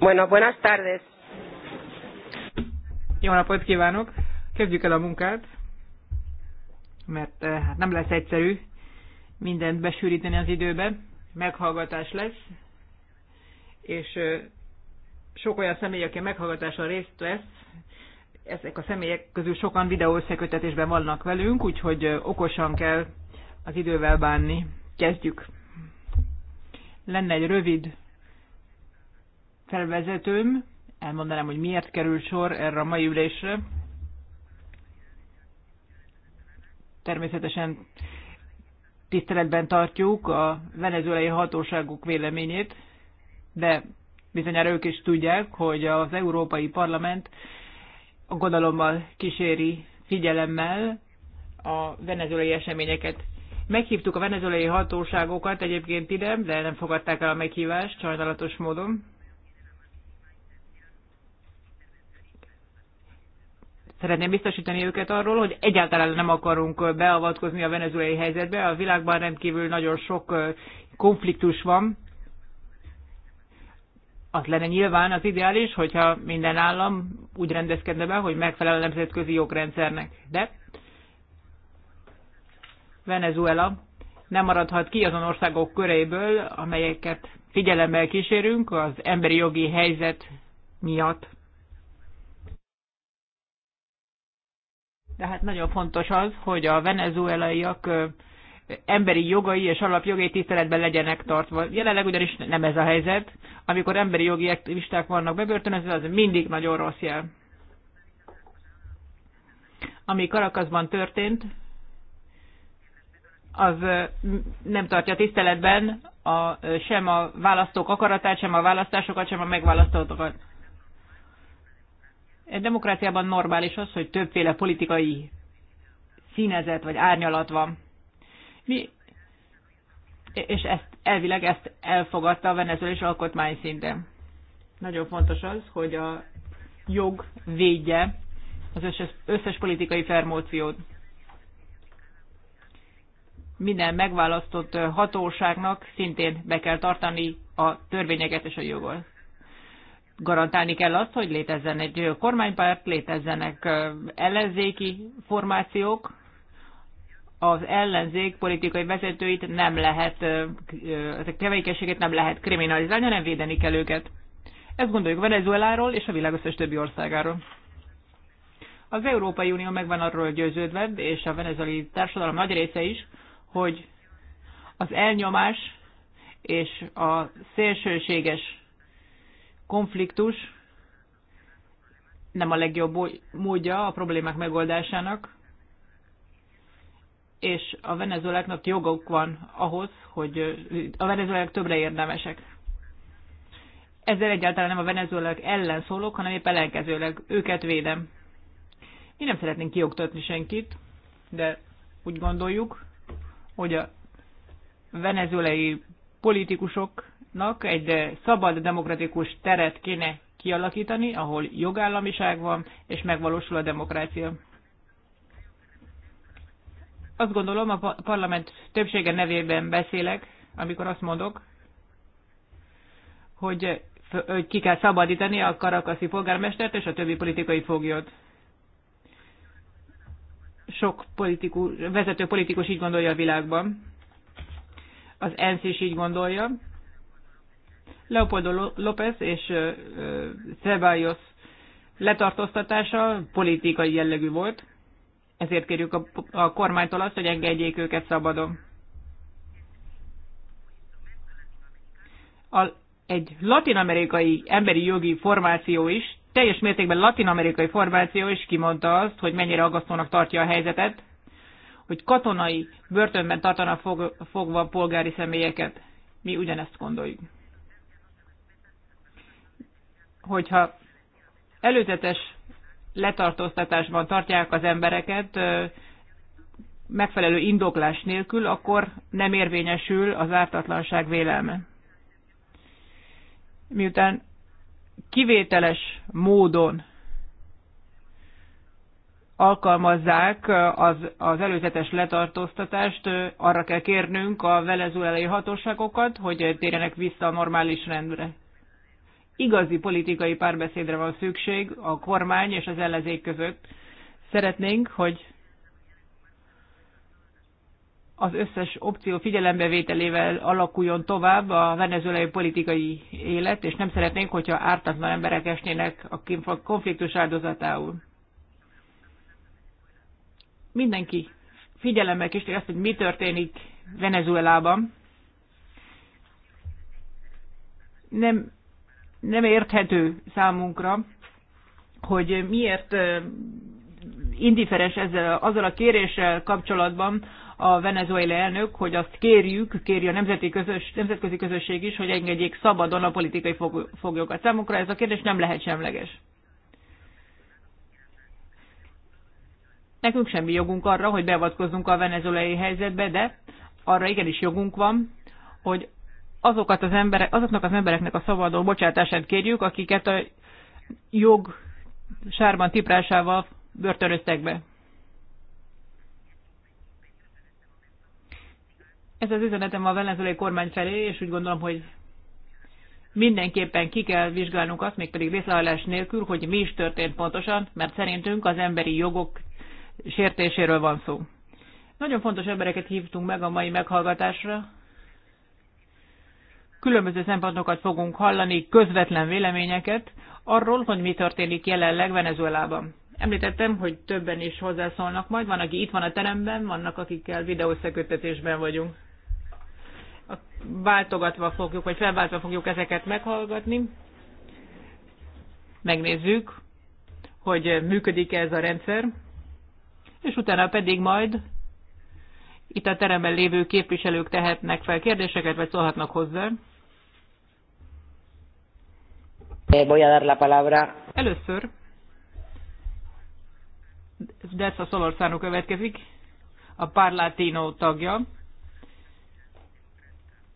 Bueno, buenas tardes. Jó napot kívánok! Kezdjük el a munkát, mert eh, hát nem lesz egyszerű mindent besűríteni az időbe. Meghallgatás lesz, és eh, sok olyan személy, aki meghallgatáson részt vesz, ezek a személyek közül sokan videó összekötetésben vannak velünk, úgyhogy eh, okosan kell az idővel bánni. Kezdjük. Lenne egy rövid felvezetőm. Elmondanám, hogy miért kerül sor erre a mai ülésre. Természetesen tiszteletben tartjuk a venezuelai hatóságok véleményét, de bizonyára ők is tudják, hogy az Európai Parlament a gondolommal kíséri figyelemmel a venezuelai eseményeket. Meghívtuk a venezuelai hatóságokat egyébként ide, de nem fogadták el a meghívást sajnálatos módon. szeretném biztosítani őket arról, hogy egyáltalán nem akarunk beavatkozni a venezuelai helyzetbe. A világban rendkívül nagyon sok konfliktus van. Az lenne nyilván az ideális, hogyha minden állam úgy rendezkedne be, hogy megfelel a nemzetközi jogrendszernek. De Venezuela nem maradhat ki azon országok köréből, amelyeket figyelemmel kísérünk az emberi jogi helyzet miatt. Tehát nagyon fontos az, hogy a venezuelaiak emberi jogai és alapjogai tiszteletben legyenek tartva. Jelenleg ugyanis nem ez a helyzet. Amikor emberi jogi aktivisták vannak bebörtönözve, az mindig nagyon rossz jel. Ami Karakaszban történt, az nem tartja tiszteletben a, sem a választók akaratát, sem a választásokat, sem a megválasztókat. Egy demokráciában normális az, hogy többféle politikai színezet vagy árnyalat van. Mi, és ezt elvileg ezt elfogadta a venezuelai alkotmány szinten. Nagyon fontos az, hogy a jog védje az összes, összes politikai fermóciót. Minden megválasztott hatóságnak szintén be kell tartani a törvényeket és a jogot garantálni kell azt, hogy létezzen egy kormánypárt, létezzenek ellenzéki formációk, az ellenzék politikai vezetőit nem lehet, ezek tevékenységét nem lehet kriminalizálni, hanem védeni kell őket. Ezt gondoljuk Venezueláról és a világ összes többi országáról. Az Európai Unió megvan arról győződve, és a venezuelai társadalom nagy része is, hogy az elnyomás és a szélsőséges konfliktus nem a legjobb módja a problémák megoldásának, és a venezueláknak jogok van ahhoz, hogy a venezuelák többre érdemesek. Ezzel egyáltalán nem a venezuelák ellen szólok, hanem épp ellenkezőleg őket védem. Mi nem szeretnénk kioktatni senkit, de úgy gondoljuk, hogy a venezuelai politikusok Nak egy eh, szabad demokratikus teret kéne kialakítani, ahol jogállamiság van, és megvalósul a demokrácia. Azt gondolom, a parlament többsége nevében beszélek, amikor azt mondok, hogy, eh, hogy ki kell szabadítani a karakaszi polgármestert és a többi politikai foglyot. Sok politikus, vezető politikus így gondolja a világban. Az ENSZ is így gondolja, Leopoldo López és Ceballos letartóztatása politikai jellegű volt, ezért kérjük a, a kormánytól azt, hogy engedjék őket szabadon. A, egy latinamerikai emberi jogi formáció is, teljes mértékben latinamerikai formáció is kimondta azt, hogy mennyire aggasztónak tartja a helyzetet, hogy katonai börtönben tartanak fog, fogva polgári személyeket. Mi ugyanezt gondoljuk hogyha előzetes letartóztatásban tartják az embereket megfelelő indoklás nélkül, akkor nem érvényesül az ártatlanság vélelme. Miután kivételes módon alkalmazzák az, az előzetes letartóztatást, arra kell kérnünk a venezuelai hatóságokat, hogy térjenek vissza a normális rendre. Igazi politikai párbeszédre van szükség a kormány és az ellenzék között. Szeretnénk, hogy az összes opció figyelembevételével alakuljon tovább a venezuelai politikai élet, és nem szeretnénk, hogyha ártatlan emberek esnének a konfliktus áldozatául. Mindenki figyelemmel kíséri azt, hogy mi történik Venezuelában. Nem nem érthető számunkra, hogy miért indiferens ezzel, azzal a kéréssel kapcsolatban a venezuela elnök, hogy azt kérjük, kéri a nemzeti közös, nemzetközi közösség is, hogy engedjék szabadon a politikai foglyokat. Számunkra ez a kérdés nem lehet semleges. Nekünk semmi jogunk arra, hogy beavatkozzunk a venezuelai helyzetbe, de arra igenis jogunk van, hogy azokat az emberek, azoknak az embereknek a szabadon bocsátását kérjük, akiket a jog sárban tiprásával börtönöztek be. Ez az üzenetem a venezuelai kormány felé, és úgy gondolom, hogy mindenképpen ki kell vizsgálnunk azt, mégpedig részlehajlás nélkül, hogy mi is történt pontosan, mert szerintünk az emberi jogok sértéséről van szó. Nagyon fontos embereket hívtunk meg a mai meghallgatásra, Különböző szempontokat fogunk hallani, közvetlen véleményeket arról, hogy mi történik jelenleg Venezuelában. Említettem, hogy többen is hozzászólnak majd, van, aki itt van a teremben, vannak, akikkel videószekötetésben vagyunk. Váltogatva fogjuk, vagy felváltva fogjuk ezeket meghallgatni. Megnézzük, hogy működik -e ez a rendszer, és utána pedig majd itt a teremben lévő képviselők tehetnek fel kérdéseket, vagy szólhatnak hozzá. Eh, voy a dar la palabra. Először Dessa Szolorszánó következik, a Parlatino tagja,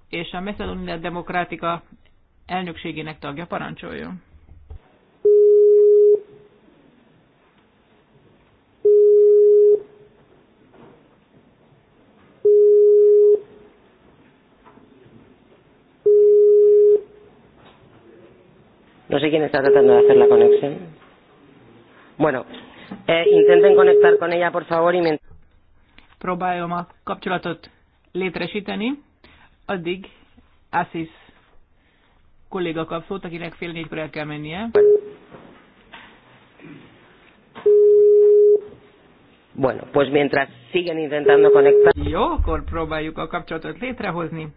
és a Messalonina Demokratika elnökségének tagja parancsoljon. No sé quién está tratando de hacer la conexión. Bueno, eh, intenten conectar con ella, por favor, y me... Próbálom a kapcsolatot létresíteni. Addig Assis kolléga kap szót, akinek fél négykor el kell mennie. Bueno, pues mientras siguen intentando conectar... Jó, akkor próbáljuk a kapcsolatot létrehozni.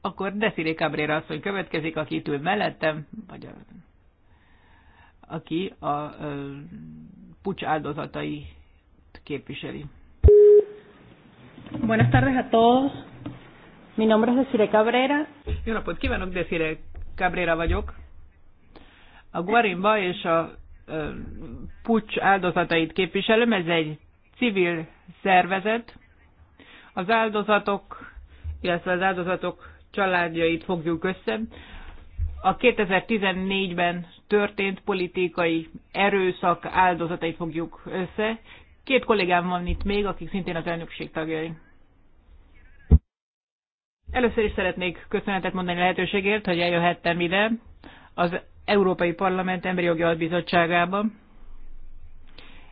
Akkor Desiree Cabrera asszony következik, aki itt ül mellettem, vagy a, aki a, a pucs áldozatai képviseli. Buenas tardes a todos. Mi nombre es Desiree Cabrera. Jó napot kívánok, Desiree Cabrera vagyok. A Guarimba és a pucs áldozatait képviselem, ez egy civil szervezet. Az áldozatok, illetve az áldozatok családjait fogjuk össze. A 2014-ben történt politikai erőszak áldozatait fogjuk össze. Két kollégám van itt még, akik szintén az elnökség tagjai. Először is szeretnék köszönetet mondani lehetőségért, hogy eljöhettem ide az Európai Parlament Emberi Jogi Albizottságába.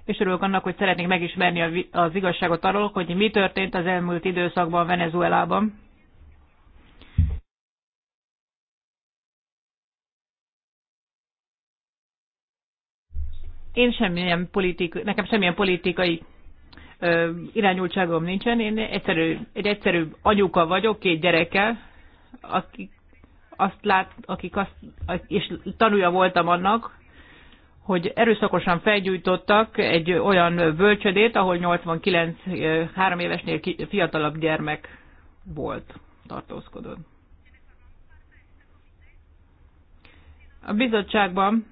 És örülök annak, hogy szeretnék megismerni az igazságot arról, hogy mi történt az elmúlt időszakban Venezuelában. Én semmilyen politik, nekem semmilyen politikai ö, irányultságom nincsen, én egyszerű, egy egyszerű anyuka vagyok, két gyerekkel, akik azt lát, akik azt, és tanulja voltam annak, hogy erőszakosan felgyújtottak egy olyan bölcsödét, ahol 89 három évesnél fiatalabb gyermek volt, tartózkodott. A bizottságban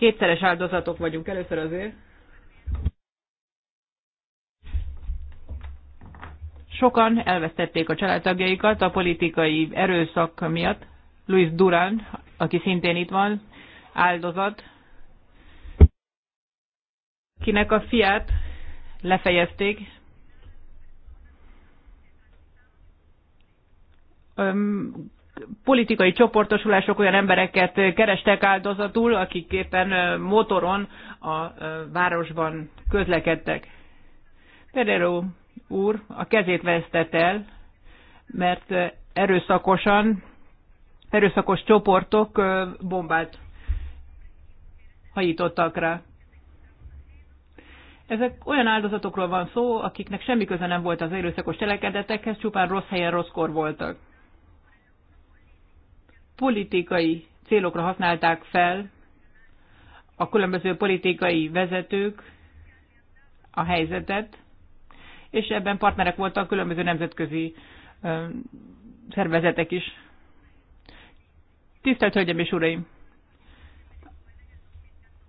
kétszeres áldozatok vagyunk először azért. Sokan elvesztették a családtagjaikat a politikai erőszak miatt. Luis Durán, aki szintén itt van, áldozat, kinek a fiát lefejezték politikai csoportosulások olyan embereket kerestek áldozatul, akik éppen motoron a városban közlekedtek. Pedro úr a kezét vesztett el, mert erőszakosan, erőszakos csoportok bombát hajítottak rá. Ezek olyan áldozatokról van szó, akiknek semmi köze nem volt az erőszakos cselekedetekhez, csupán rossz helyen, rosszkor voltak politikai célokra használták fel a különböző politikai vezetők a helyzetet, és ebben partnerek voltak különböző nemzetközi szervezetek is. Tisztelt Hölgyeim és Uraim!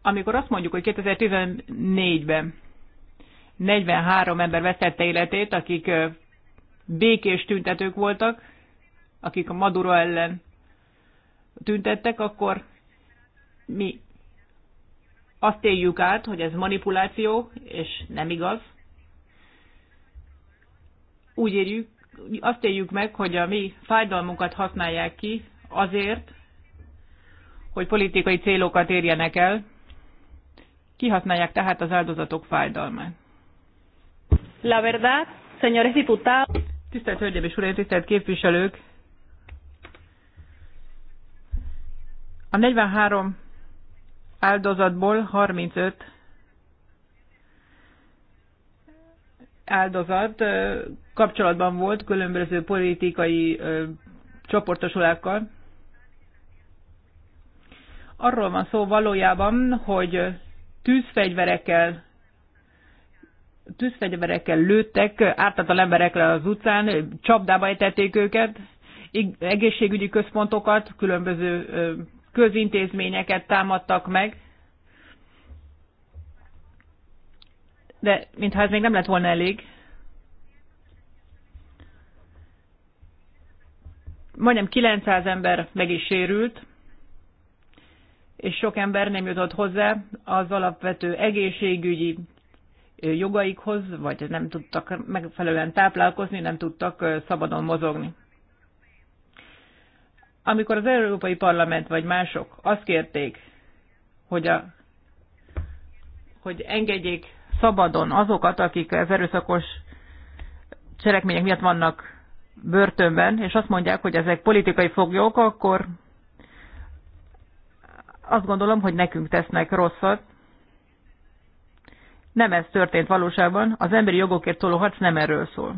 Amikor azt mondjuk, hogy 2014-ben 43 ember vesztette életét, akik békés tüntetők voltak, akik a Maduro ellen tüntettek, akkor mi azt éljük át, hogy ez manipuláció, és nem igaz. Úgy érjük, azt éljük meg, hogy a mi fájdalmunkat használják ki azért, hogy politikai célokat érjenek el, kihasználják tehát az áldozatok fájdalmát. La verdad, señores diputados. Tisztelt Hölgyeim és Uraim, tisztelt képviselők! A 43 áldozatból 35 áldozat kapcsolatban volt különböző politikai csoportosulákkal. Arról van szó valójában, hogy tűzfegyverekkel tűzfegyverekkel lőttek ártatlan emberekre az utcán, csapdába ejtették őket, egészségügyi központokat, különböző közintézményeket támadtak meg, de mintha ez még nem lett volna elég. Majdnem 900 ember meg is sérült, és sok ember nem jutott hozzá az alapvető egészségügyi jogaikhoz, vagy nem tudtak megfelelően táplálkozni, nem tudtak szabadon mozogni. Amikor az Európai Parlament vagy mások azt kérték, hogy, a, hogy engedjék szabadon azokat, akik az erőszakos cselekmények miatt vannak börtönben, és azt mondják, hogy ezek politikai foglyok, akkor azt gondolom, hogy nekünk tesznek rosszat. Nem ez történt valóságban, az emberi jogokért szóló harc nem erről szól.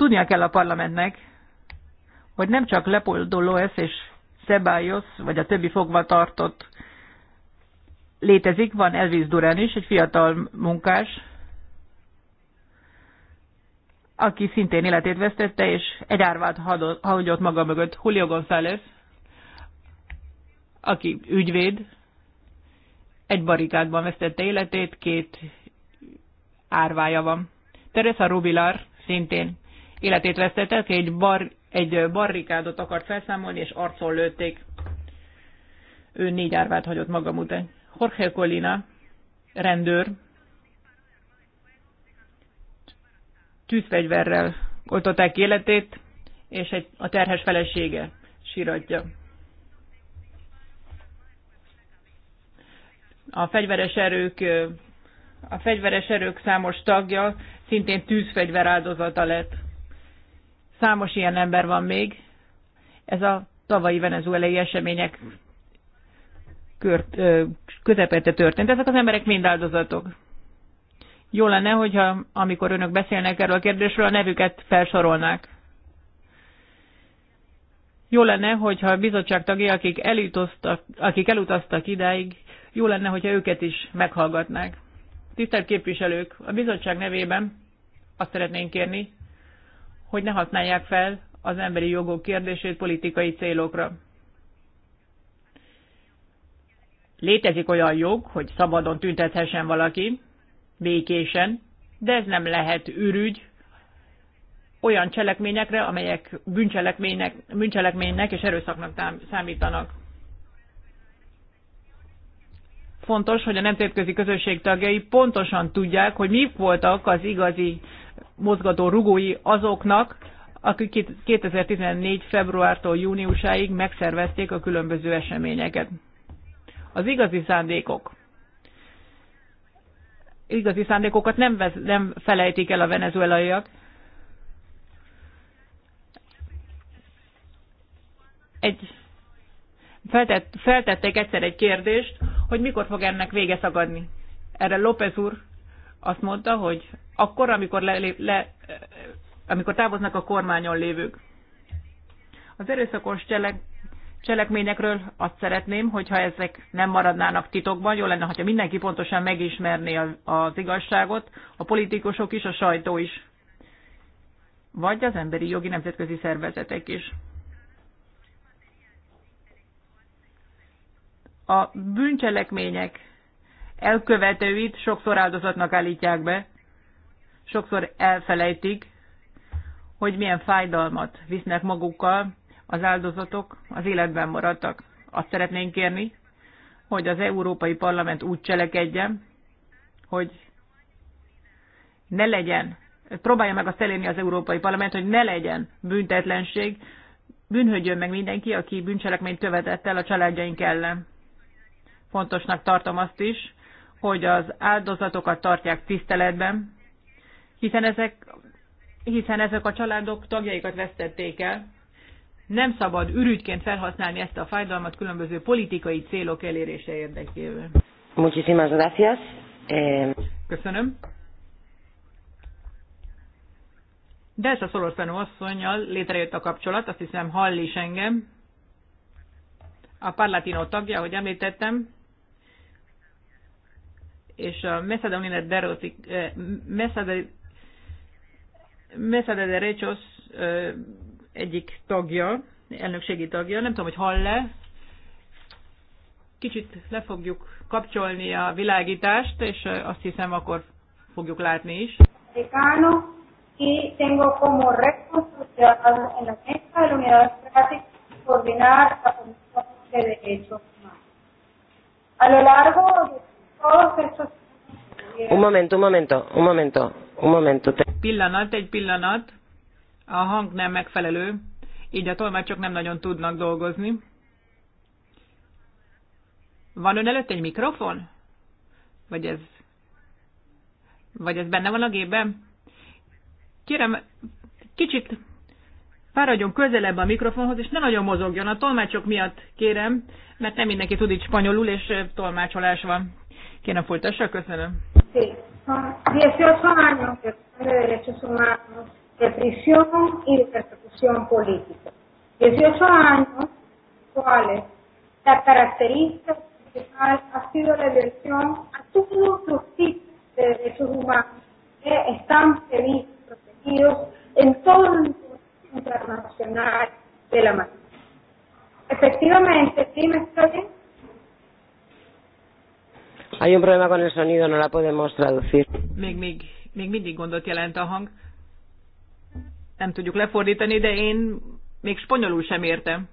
Tudnia kell a parlamentnek, hogy nem csak Leopoldo Loes és Szebályosz, vagy a többi fogva tartott létezik, van Elvis Durán is, egy fiatal munkás, aki szintén életét vesztette, és egy árvát hagyott maga mögött. Julio González, aki ügyvéd, egy barikádban vesztette életét, két árvája van. Teresa Rubilar szintén életét vesztette, egy, bar, egy barrikádot akart felszámolni, és arcon lőtték. Ő négy árvát hagyott magam után. Jorge Colina, rendőr, tűzfegyverrel oltották életét, és egy, a terhes felesége síratja. A fegyveres erők a fegyveres erők számos tagja szintén tűzfegyver áldozata lett. Számos ilyen ember van még. Ez a tavalyi venezuelai események közepette történt. Ezek az emberek mind áldozatok. Jó lenne, hogyha amikor önök beszélnek erről a kérdésről, a nevüket felsorolnák. Jó lenne, hogyha a bizottság tagjai, akik, akik elutaztak idáig, jó lenne, hogyha őket is meghallgatnák. Tisztelt képviselők, a bizottság nevében azt szeretnénk kérni, hogy ne használják fel az emberi jogok kérdését politikai célokra. Létezik olyan jog, hogy szabadon tüntethessen valaki, békésen, de ez nem lehet ürügy olyan cselekményekre, amelyek bűncselekménynek, bűncselekménynek és erőszaknak számítanak fontos, hogy a nemzetközi közösség tagjai pontosan tudják, hogy mi voltak az igazi mozgató rugói azoknak, akik 2014. februártól júniusáig megszervezték a különböző eseményeket. Az igazi szándékok. Igazi szándékokat nem, vez, nem felejtik el a venezuelaiak. Egy feltett, feltették egyszer egy kérdést, hogy mikor fog ennek vége szakadni. Erre López úr azt mondta, hogy akkor, amikor, le, le, amikor távoznak a kormányon lévők. Az erőszakos cselek, cselekményekről azt szeretném, hogyha ezek nem maradnának titokban, jó lenne, hogyha mindenki pontosan megismerné az igazságot, a politikusok is, a sajtó is, vagy az emberi jogi nemzetközi szervezetek is. a bűncselekmények elkövetőit sokszor áldozatnak állítják be, sokszor elfelejtik, hogy milyen fájdalmat visznek magukkal az áldozatok, az életben maradtak. Azt szeretnénk kérni, hogy az Európai Parlament úgy cselekedjen, hogy ne legyen, próbálja meg azt elérni az Európai Parlament, hogy ne legyen büntetlenség, bűnhödjön meg mindenki, aki bűncselekményt követett el a családjaink ellen. Fontosnak tartom azt is, hogy az áldozatokat tartják tiszteletben, hiszen ezek, hiszen ezek a családok tagjaikat vesztették el. Nem szabad ürügyként felhasználni ezt a fájdalmat különböző politikai célok elérése érdekében. Muchísimas gracias. Eh, Köszönöm. De ez a Szolorfenó asszonynal létrejött a kapcsolat, azt hiszem hall is engem. A Parlatino tagja, ahogy említettem, és a Mesa de Unidad de Rossi, Mesa de, Mesa de, de Rechos egyik tagja, elnökségi tagja, nem tudom, hogy hall-e, kicsit le fogjuk kapcsolni a világítást, és azt hiszem, akkor fogjuk látni is. Decano, y tengo como en la mesa de la unidad coordinar la Comisión de Derechos Humanos. A lo largo de todos estos Un momento, un momento, un momento, un momento. Pillanat, egy pillanat. A hang nem megfelelő, így a tolmácsok nem nagyon tudnak dolgozni. Van ön előtt egy mikrofon? Vagy ez... Vagy ez benne van a gépben? Kérem, kicsit fáradjon közelebb a mikrofonhoz, és ne nagyon mozogjon a tolmácsok miatt, kérem, mert nem mindenki tud így spanyolul, és tolmácsolás van. Kérem folytassa, köszönöm. Sí, son 18 años de derechos humanos, de prisión y de persecución política. 18 años, cuales la característica principal ha sido la violación a todos los tipos de derechos humanos que están previstos, protegidos en todo el mundo internacional de la mano. Efectivamente, el crimen está Hay un problema con el sonido, no la podemos traducir. Még, még, még mindig gondot jelent a hang. Nem tudjuk lefordítani, de én még spanyolul sem értem.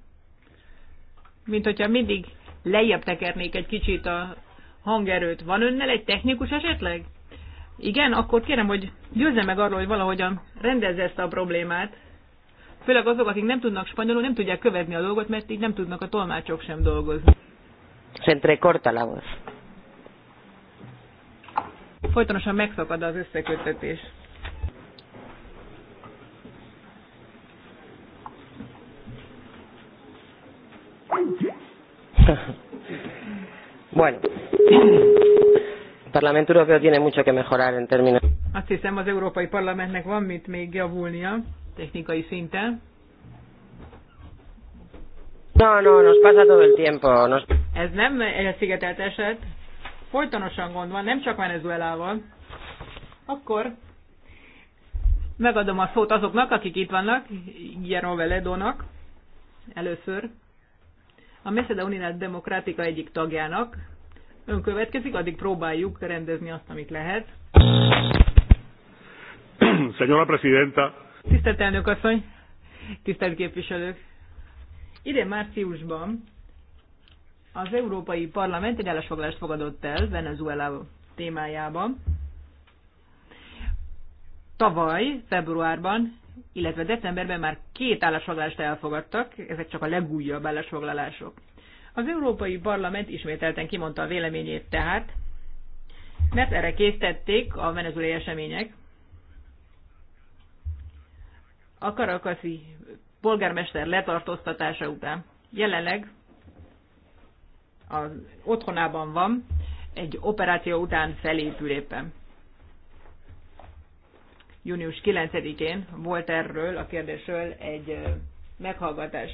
Mint hogyha mindig lejjebb tekernék egy kicsit a hangerőt. Van önnel egy technikus esetleg? Igen, akkor kérem, hogy győzze meg arról, hogy valahogyan rendezze ezt a problémát. Főleg azok, akik nem tudnak spanyolul, nem tudják követni a dolgot, mert így nem tudnak a tolmácsok sem dolgozni. Se entrecorta la voz folytonosan megszakad az összeköttetés. Bueno, el Parlamento Europeo tiene mucho que mejorar en términos. Azt hiszem, az Európai Parlamentnek van mit még javulnia technikai szinten. No, no, nos pasa todo el tiempo. Nos... Ez nem elszigetelt eset folytonosan gond van, nem csak Venezuelával, akkor megadom a szót azoknak, akik itt vannak, Jero Veledónak először, a Meseda Unidad Demokratika egyik tagjának. Ön következik, addig próbáljuk rendezni azt, amit lehet. Señora Presidenta. Tisztelt elnök asszony, tisztelt képviselők. ide márciusban az Európai Parlament egy állásfoglalást fogadott el Venezuela témájában. Tavaly, februárban, illetve decemberben már két állásfoglalást elfogadtak, ezek csak a legújabb állásfoglalások. Az Európai Parlament ismételten kimondta a véleményét tehát, mert erre készítették a venezuelai események. A karakaszi polgármester letartóztatása után. Jelenleg az otthonában van, egy operáció után felépül éppen. Június 9-én volt erről a kérdésről egy meghallgatás.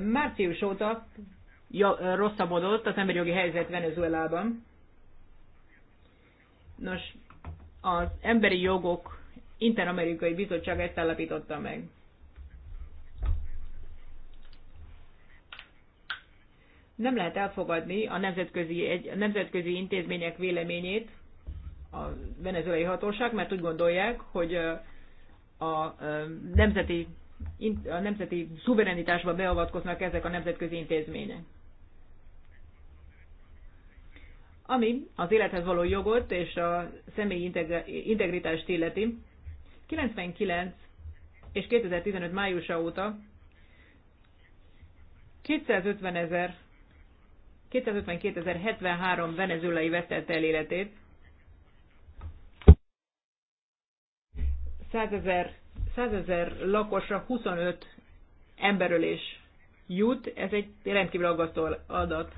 Március óta rosszabbodott az emberi jogi helyzet Venezuelában. Nos, az emberi jogok Interamerikai Bizottság ezt állapította meg. Nem lehet elfogadni a nemzetközi, egy, a nemzetközi intézmények véleményét, a venezuelai hatóság, mert úgy gondolják, hogy a nemzeti, a nemzeti szuverenitásba beavatkoznak ezek a nemzetközi intézmények. Ami az élethez való jogot és a személyi integritást illeti, 99 és 2015 májusa óta 250 ezer 252.073 venezuelai vesztette el életét, 100 ezer 100 ezer lakosra 25 emberölés jut, ez egy rendkívül aggasztó adat.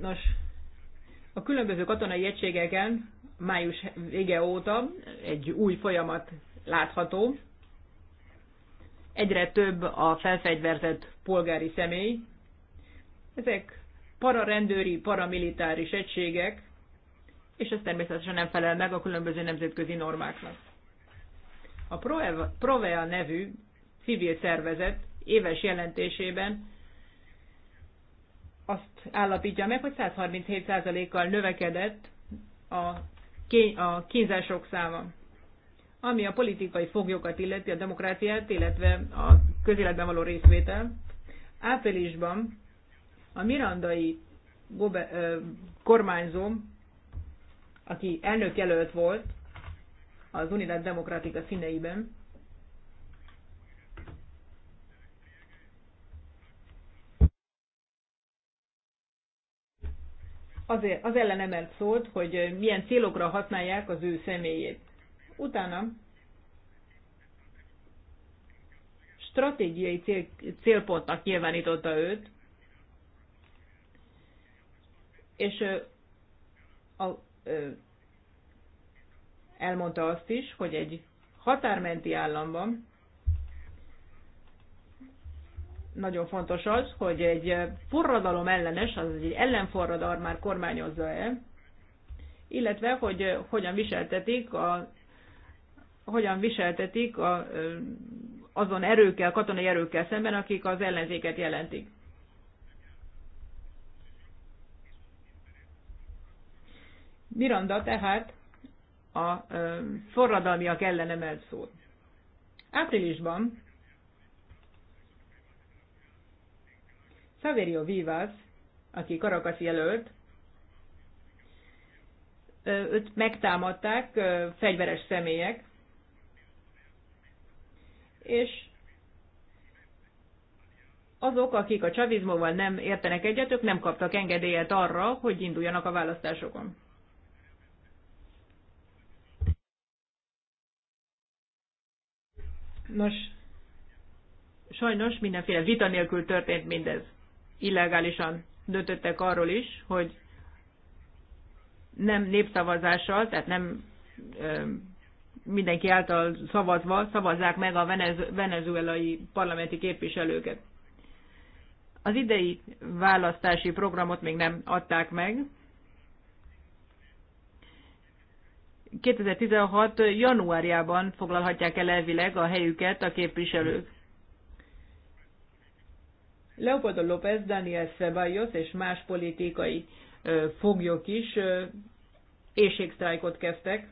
Nos, a különböző katonai egységeken május vége óta egy új folyamat látható. Egyre több a felfegyverzett polgári személy. Ezek pararendőri, paramilitáris egységek, és ez természetesen nem felel meg a különböző nemzetközi normáknak. A Provea nevű civil szervezet éves jelentésében azt állapítja meg, hogy 137%-kal növekedett a, kény, a kínzások száma. Ami a politikai foglyokat illeti, a demokráciát, illetve a közéletben való részvétel. Áprilisban a mirandai gobe, ö, kormányzó, aki elnök jelölt volt az Unidad Demokratika színeiben, azért, az ellen emelt szólt, hogy milyen célokra használják az ő személyét. Utána stratégiai cél, célpontnak nyilvánította őt, és a, a, elmondta azt is, hogy egy határmenti államban nagyon fontos az, hogy egy forradalom ellenes, az egy ellenforradalom már kormányozza-e, illetve hogy hogyan viseltetik a hogyan viseltetik a, azon erőkkel, katonai erőkkel szemben, akik az ellenzéket jelentik. Miranda tehát a forradalmiak ellen emelt szót. Áprilisban Saverio Vivas, aki Karakasz jelölt, őt megtámadták fegyveres személyek, és azok, akik a csavizmóval nem értenek egyet, ők nem kaptak engedélyet arra, hogy induljanak a választásokon. Nos, sajnos mindenféle vita nélkül történt mindez illegálisan döntöttek arról is, hogy nem népszavazással, tehát nem mindenki által szavazva szavazzák meg a venezuelai parlamenti képviselőket. Az idei választási programot még nem adták meg. 2016. januárjában foglalhatják el elvileg a helyüket a képviselők. Leopoldo López, Daniel Ceballos és más politikai foglyok is éjségsztrájkot kezdtek.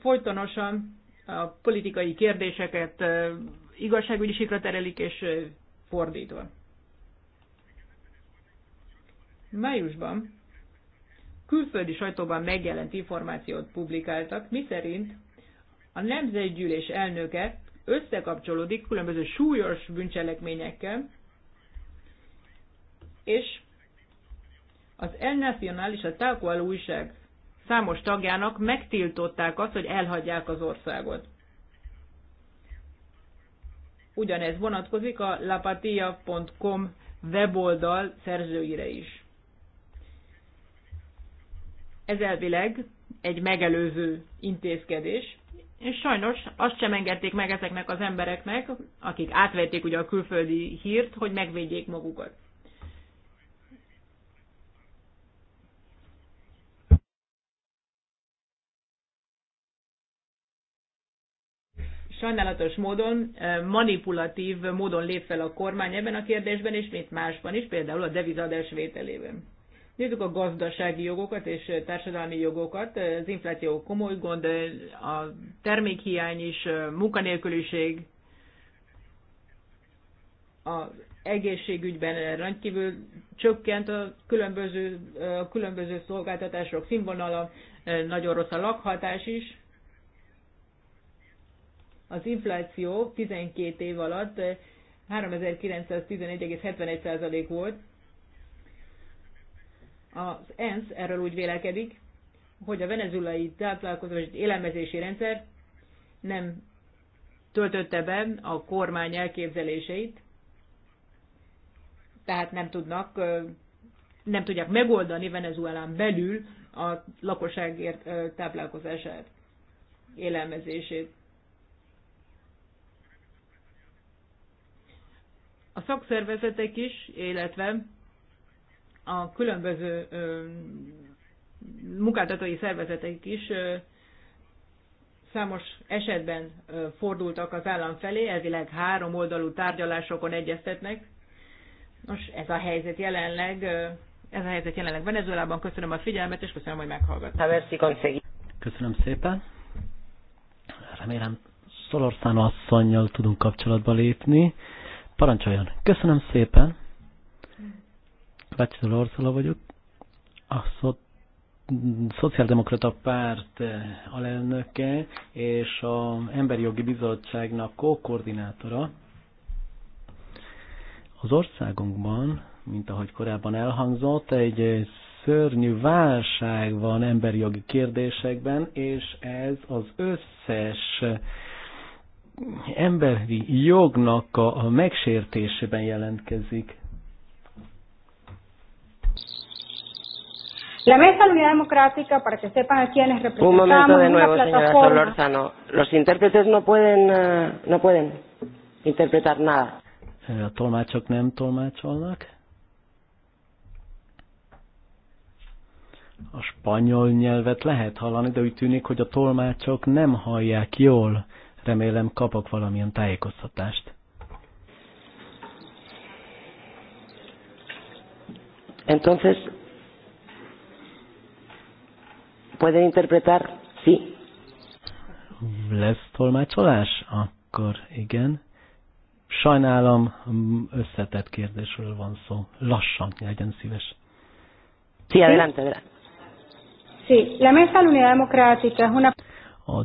Folytonosan a politikai kérdéseket igazságügyi sikra terelik és fordítva. Májusban külföldi sajtóban megjelent információt publikáltak, miszerint a nemzetgyűlés elnöke összekapcsolódik különböző súlyos bűncselekményekkel, és az El Nacional és a Tákuál újság számos tagjának megtiltották azt, hogy elhagyják az országot. Ugyanez vonatkozik a lapatia.com weboldal szerzőire is. Ez elvileg egy megelőző intézkedés, és sajnos azt sem engedték meg ezeknek az embereknek, akik átvették ugye a külföldi hírt, hogy megvédjék magukat. sajnálatos módon, manipulatív módon lép fel a kormány ebben a kérdésben, és mint másban is, például a devizadás vételében. Nézzük a gazdasági jogokat és társadalmi jogokat. Az infláció komoly gond, a termékhiány is, munkanélküliség, az egészségügyben rendkívül csökkent a különböző, a különböző szolgáltatások színvonala, nagyon rossz a lakhatás is. Az infláció 12 év alatt 3911,71% eh, volt, az ENSZ erről úgy vélekedik, hogy a venezuelai táplálkozás élelmezési rendszer nem töltötte be a kormány elképzeléseit, tehát nem tudnak, nem tudják megoldani Venezuelán belül a lakosságért táplálkozását, élelmezését. A szakszervezetek is, illetve a különböző munkáltatói szervezetek is számos esetben fordultak az állam felé, elvileg három oldalú tárgyalásokon egyeztetnek. Nos, ez a helyzet jelenleg, ez a helyzet jelenleg Venezuelában. Köszönöm a figyelmet, és köszönöm, hogy meghallgattak. Köszönöm szépen. Remélem Szolorszán asszonynal tudunk kapcsolatba lépni. Parancsoljon. Köszönöm szépen. László Orszala vagyok. A szot Szociáldemokrata Párt eh, alelnöke és az Emberi Jogi Bizottságnak kókoordinátora. Az országunkban, mint ahogy korábban elhangzott, egy eh, szörnyű válság van emberi jogi kérdésekben, és ez az összes eh, emberi jognak a megsértésében jelentkezik La Mesa de la Unidad Democrática, para que sepan a quiénes representamos. Un momento de nuevo, señora Solórzano. Los intérpretes no pueden, uh, no pueden interpretar nada. Eh, a tolmácsok nem tolmácsolnak. A spanyol nyelvet lehet hallani, de úgy tűnik, hogy a tolmácsok nem hallják jól. Remélem kapok valamilyen tájékoztatást. Entonces, Pueden interpretar? Sí. Lesz tolmácsolás? Akkor igen. Sajnálom, összetett kérdésről van szó. Lassan, legyen szíves. Sí, adelante, adelante. Sí, la mesa unidad democrática es una... A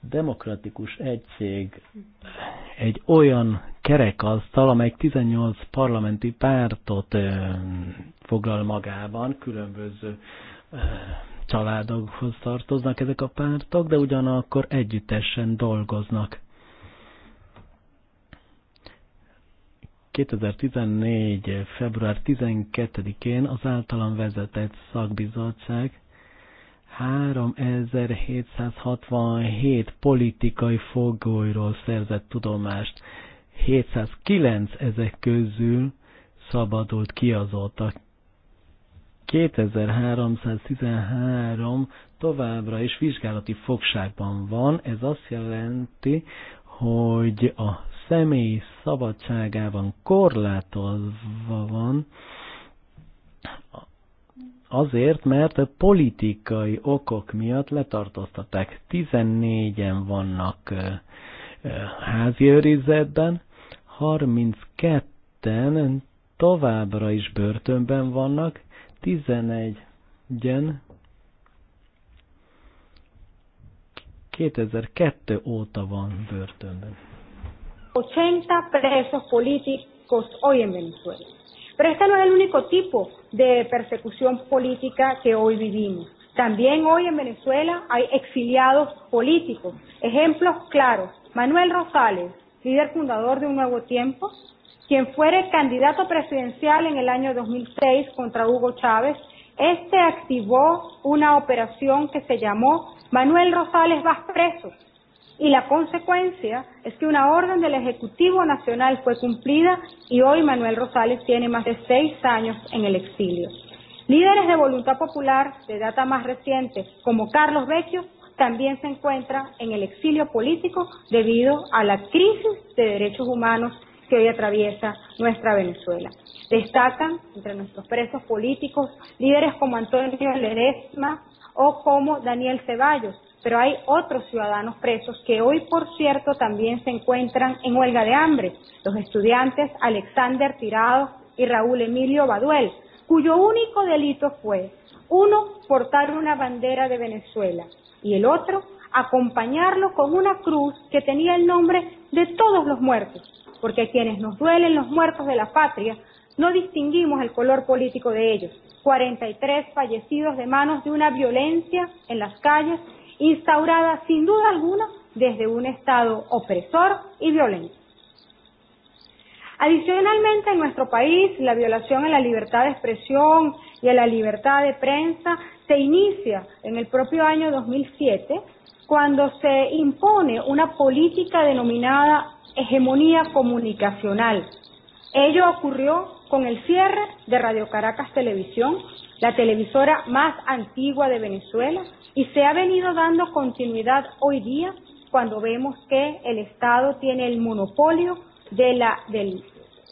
demokratikus egység egy olyan kerekasztal, amely 18 parlamenti pártot foglal magában, különböző családokhoz tartoznak ezek a pártok, de ugyanakkor együttesen dolgoznak. 2014. február 12-én az általam vezetett szakbizottság 3767 politikai fogolyról szerzett tudomást. 709 ezek közül szabadult ki azóta. 2313 továbbra is vizsgálati fogságban van, ez azt jelenti, hogy a személy szabadságában korlátozva van, azért, mert a politikai okok miatt letartóztatták. 14-en vannak házi őrizetben, 32-en továbbra is börtönben vannak, 2011-en 2002 óta van börtönben. 80 presos políticos hoy en Venezuela. Pero este no es el único tipo de persecución política que hoy vivimos. También hoy en Venezuela hay exiliados políticos. Ejemplos claros. Manuel Rosales, líder fundador de Un Nuevo Tiempo, quien fuera el candidato presidencial en el año 2006 contra Hugo Chávez, este activó una operación que se llamó Manuel Rosales va preso. Y la consecuencia es que una orden del Ejecutivo Nacional fue cumplida y hoy Manuel Rosales tiene más de seis años en el exilio. Líderes de voluntad popular de data más reciente, como Carlos Vecchio, también se encuentra en el exilio político debido a la crisis de derechos humanos que hoy atraviesa nuestra Venezuela. Destacan entre nuestros presos políticos líderes como Antonio Ledesma o como Daniel Ceballos, pero hay otros ciudadanos presos que hoy, por cierto, también se encuentran en huelga de hambre, los estudiantes Alexander Tirado y Raúl Emilio Baduel, cuyo único delito fue, uno, portar una bandera de Venezuela y el otro, acompañarlo con una cruz que tenía el nombre de todos los muertos, porque a quienes nos duelen los muertos de la patria no distinguimos el color político de ellos. 43 fallecidos de manos de una violencia en las calles instaurada sin duda alguna desde un Estado opresor y violento. Adicionalmente, en nuestro país, la violación a la libertad de expresión y a la libertad de prensa se inicia en el propio año 2007 cuando se impone una política denominada hegemonía comunicacional. Ello ocurrió con el cierre de Radio Caracas Televisión, la televisora más antigua de Venezuela, y se ha venido dando continuidad hoy día cuando vemos que el Estado tiene el monopolio de la, del,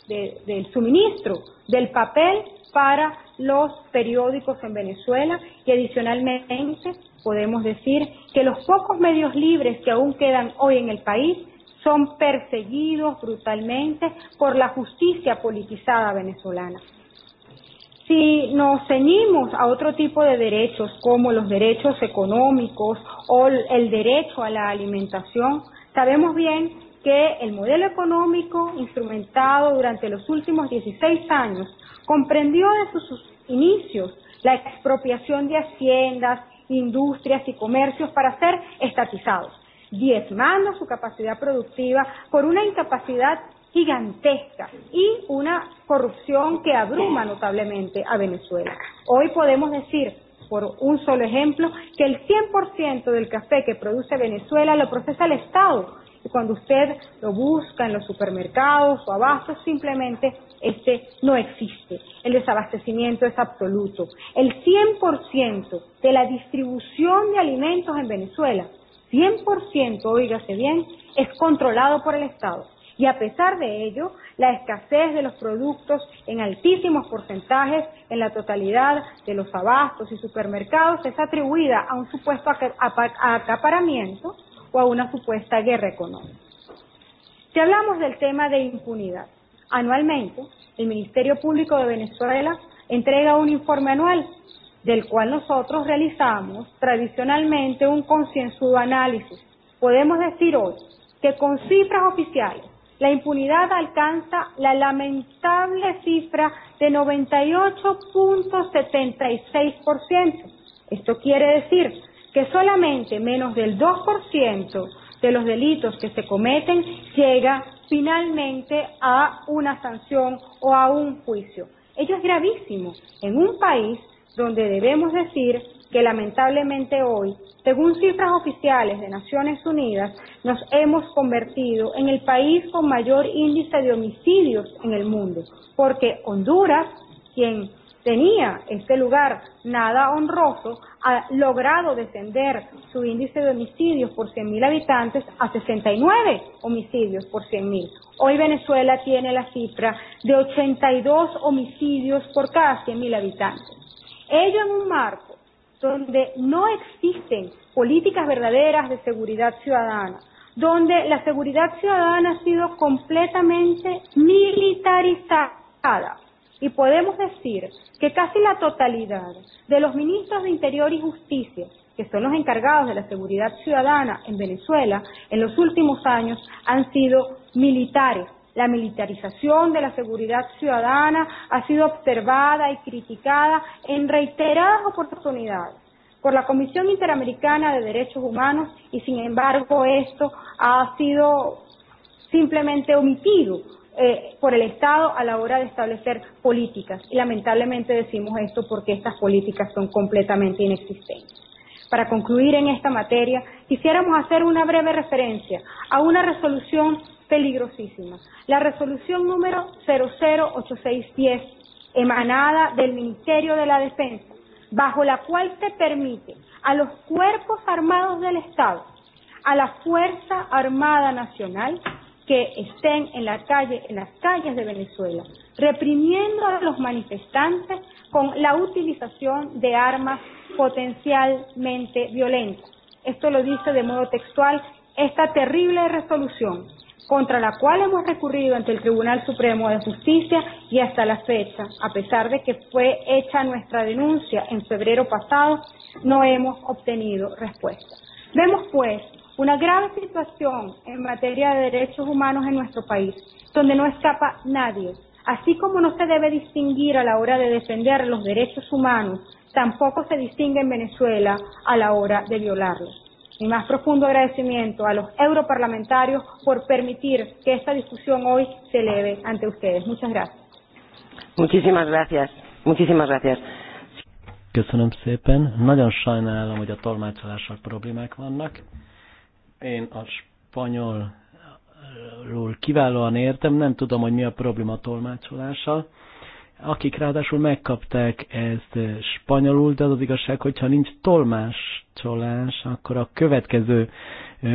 de, del suministro del papel para los periódicos en Venezuela y adicionalmente podemos decir que los pocos medios libres que aún quedan hoy en el país son perseguidos brutalmente por la justicia politizada venezolana. Si nos ceñimos a otro tipo de derechos como los derechos económicos o el derecho a la alimentación, sabemos bien que el modelo económico instrumentado durante los últimos 16 años comprendió desde sus inicios la expropiación de haciendas, industrias y comercios para ser estatizados, diezmando su capacidad productiva por una incapacidad gigantesca y una corrupción que abruma notablemente a Venezuela. Hoy podemos decir, por un solo ejemplo, que el 100% del café que produce Venezuela lo procesa el Estado Cuando usted lo busca en los supermercados o abastos, simplemente este no existe. El desabastecimiento es absoluto. El 100% de la distribución de alimentos en Venezuela, 100%, oígase bien, es controlado por el Estado. Y a pesar de ello, la escasez de los productos en altísimos porcentajes en la totalidad de los abastos y supermercados es atribuida a un supuesto acaparamiento o a una supuesta guerra económica. Si hablamos del tema de impunidad, anualmente el Ministerio Público de Venezuela entrega un informe anual del cual nosotros realizamos tradicionalmente un concienzudo análisis. Podemos decir hoy que con cifras oficiales la impunidad alcanza la lamentable cifra de 98.76%. Esto quiere decir que solamente menos del 2% de los delitos que se cometen llega finalmente a una sanción o a un juicio. Ello es gravísimo en un país donde debemos decir que lamentablemente hoy, según cifras oficiales de Naciones Unidas, nos hemos convertido en el país con mayor índice de homicidios en el mundo, porque Honduras, quien tenía este lugar nada honroso, ha logrado descender su índice de homicidios por 100.000 habitantes a 69 homicidios por 100.000. Hoy Venezuela tiene la cifra de 82 homicidios por cada 100.000 habitantes. Ello en un marco donde no existen políticas verdaderas de seguridad ciudadana, donde la seguridad ciudadana ha sido completamente militarizada Y podemos decir que casi la totalidad de los ministros de Interior y Justicia, que son los encargados de la seguridad ciudadana en Venezuela, en los últimos años han sido militares. La militarización de la seguridad ciudadana ha sido observada y criticada en reiteradas oportunidades por la Comisión Interamericana de Derechos Humanos y sin embargo esto ha sido simplemente omitido eh, por el Estado a la hora de establecer políticas. Y lamentablemente decimos esto porque estas políticas son completamente inexistentes. Para concluir en esta materia, quisiéramos hacer una breve referencia a una resolución peligrosísima, la resolución número 008610, emanada del Ministerio de la Defensa, bajo la cual se permite a los cuerpos armados del Estado, a la Fuerza Armada Nacional, que estén en, la calle, en las calles de Venezuela, reprimiendo a los manifestantes con la utilización de armas potencialmente violentas. Esto lo dice de modo textual esta terrible resolución contra la cual hemos recurrido ante el Tribunal Supremo de Justicia y hasta la fecha, a pesar de que fue hecha nuestra denuncia en febrero pasado, no hemos obtenido respuesta. Vemos pues una grave situación en materia de derechos humanos en nuestro país, donde no escapa nadie. Así como no se debe distinguir a la hora de defender los derechos humanos, tampoco se distingue en Venezuela a la hora de violarlos. Mi más profundo agradecimiento a los europarlamentarios por permitir que esta discusión hoy se eleve ante ustedes. Muchas gracias. Muchísimas gracias. Muchísimas gracias. Köszönöm szépen. Nagyon sajnálom, hogy a tolmácsolással problémák vannak. Én a spanyolról kiválóan értem, nem tudom, hogy mi a probléma a tolmácsolással. Akik ráadásul megkapták ezt spanyolul, de az, az igazság, hogyha nincs tolmácsolás, akkor a következő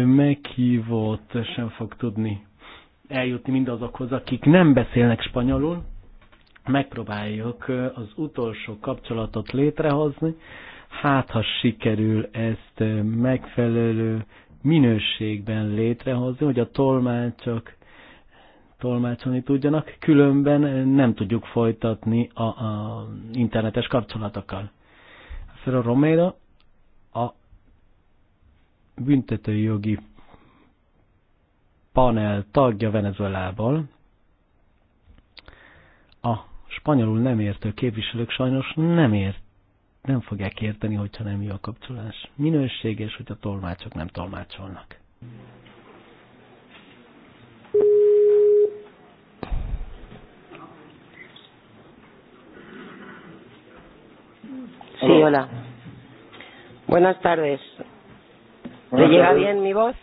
meghívót sem fog tudni eljutni mindazokhoz, akik nem beszélnek spanyolul. Megpróbáljuk az utolsó kapcsolatot létrehozni, hát ha sikerül ezt megfelelő minőségben létrehozni, hogy a tolmácsok tolmácsolni tudjanak, különben nem tudjuk folytatni a, a internetes kapcsolatokkal. Aztán a Romero a büntetőjogi panel tagja Venezuelából, a spanyolul nem értő képviselők sajnos nem ért nem fogják érteni, hogyha nem jó a kapcsolás. Minőséges, hogy a tolmácsok nem tolmácsolnak. Sí, hola. Buenas tardes. Buenas ¿Le llega bien mi voz?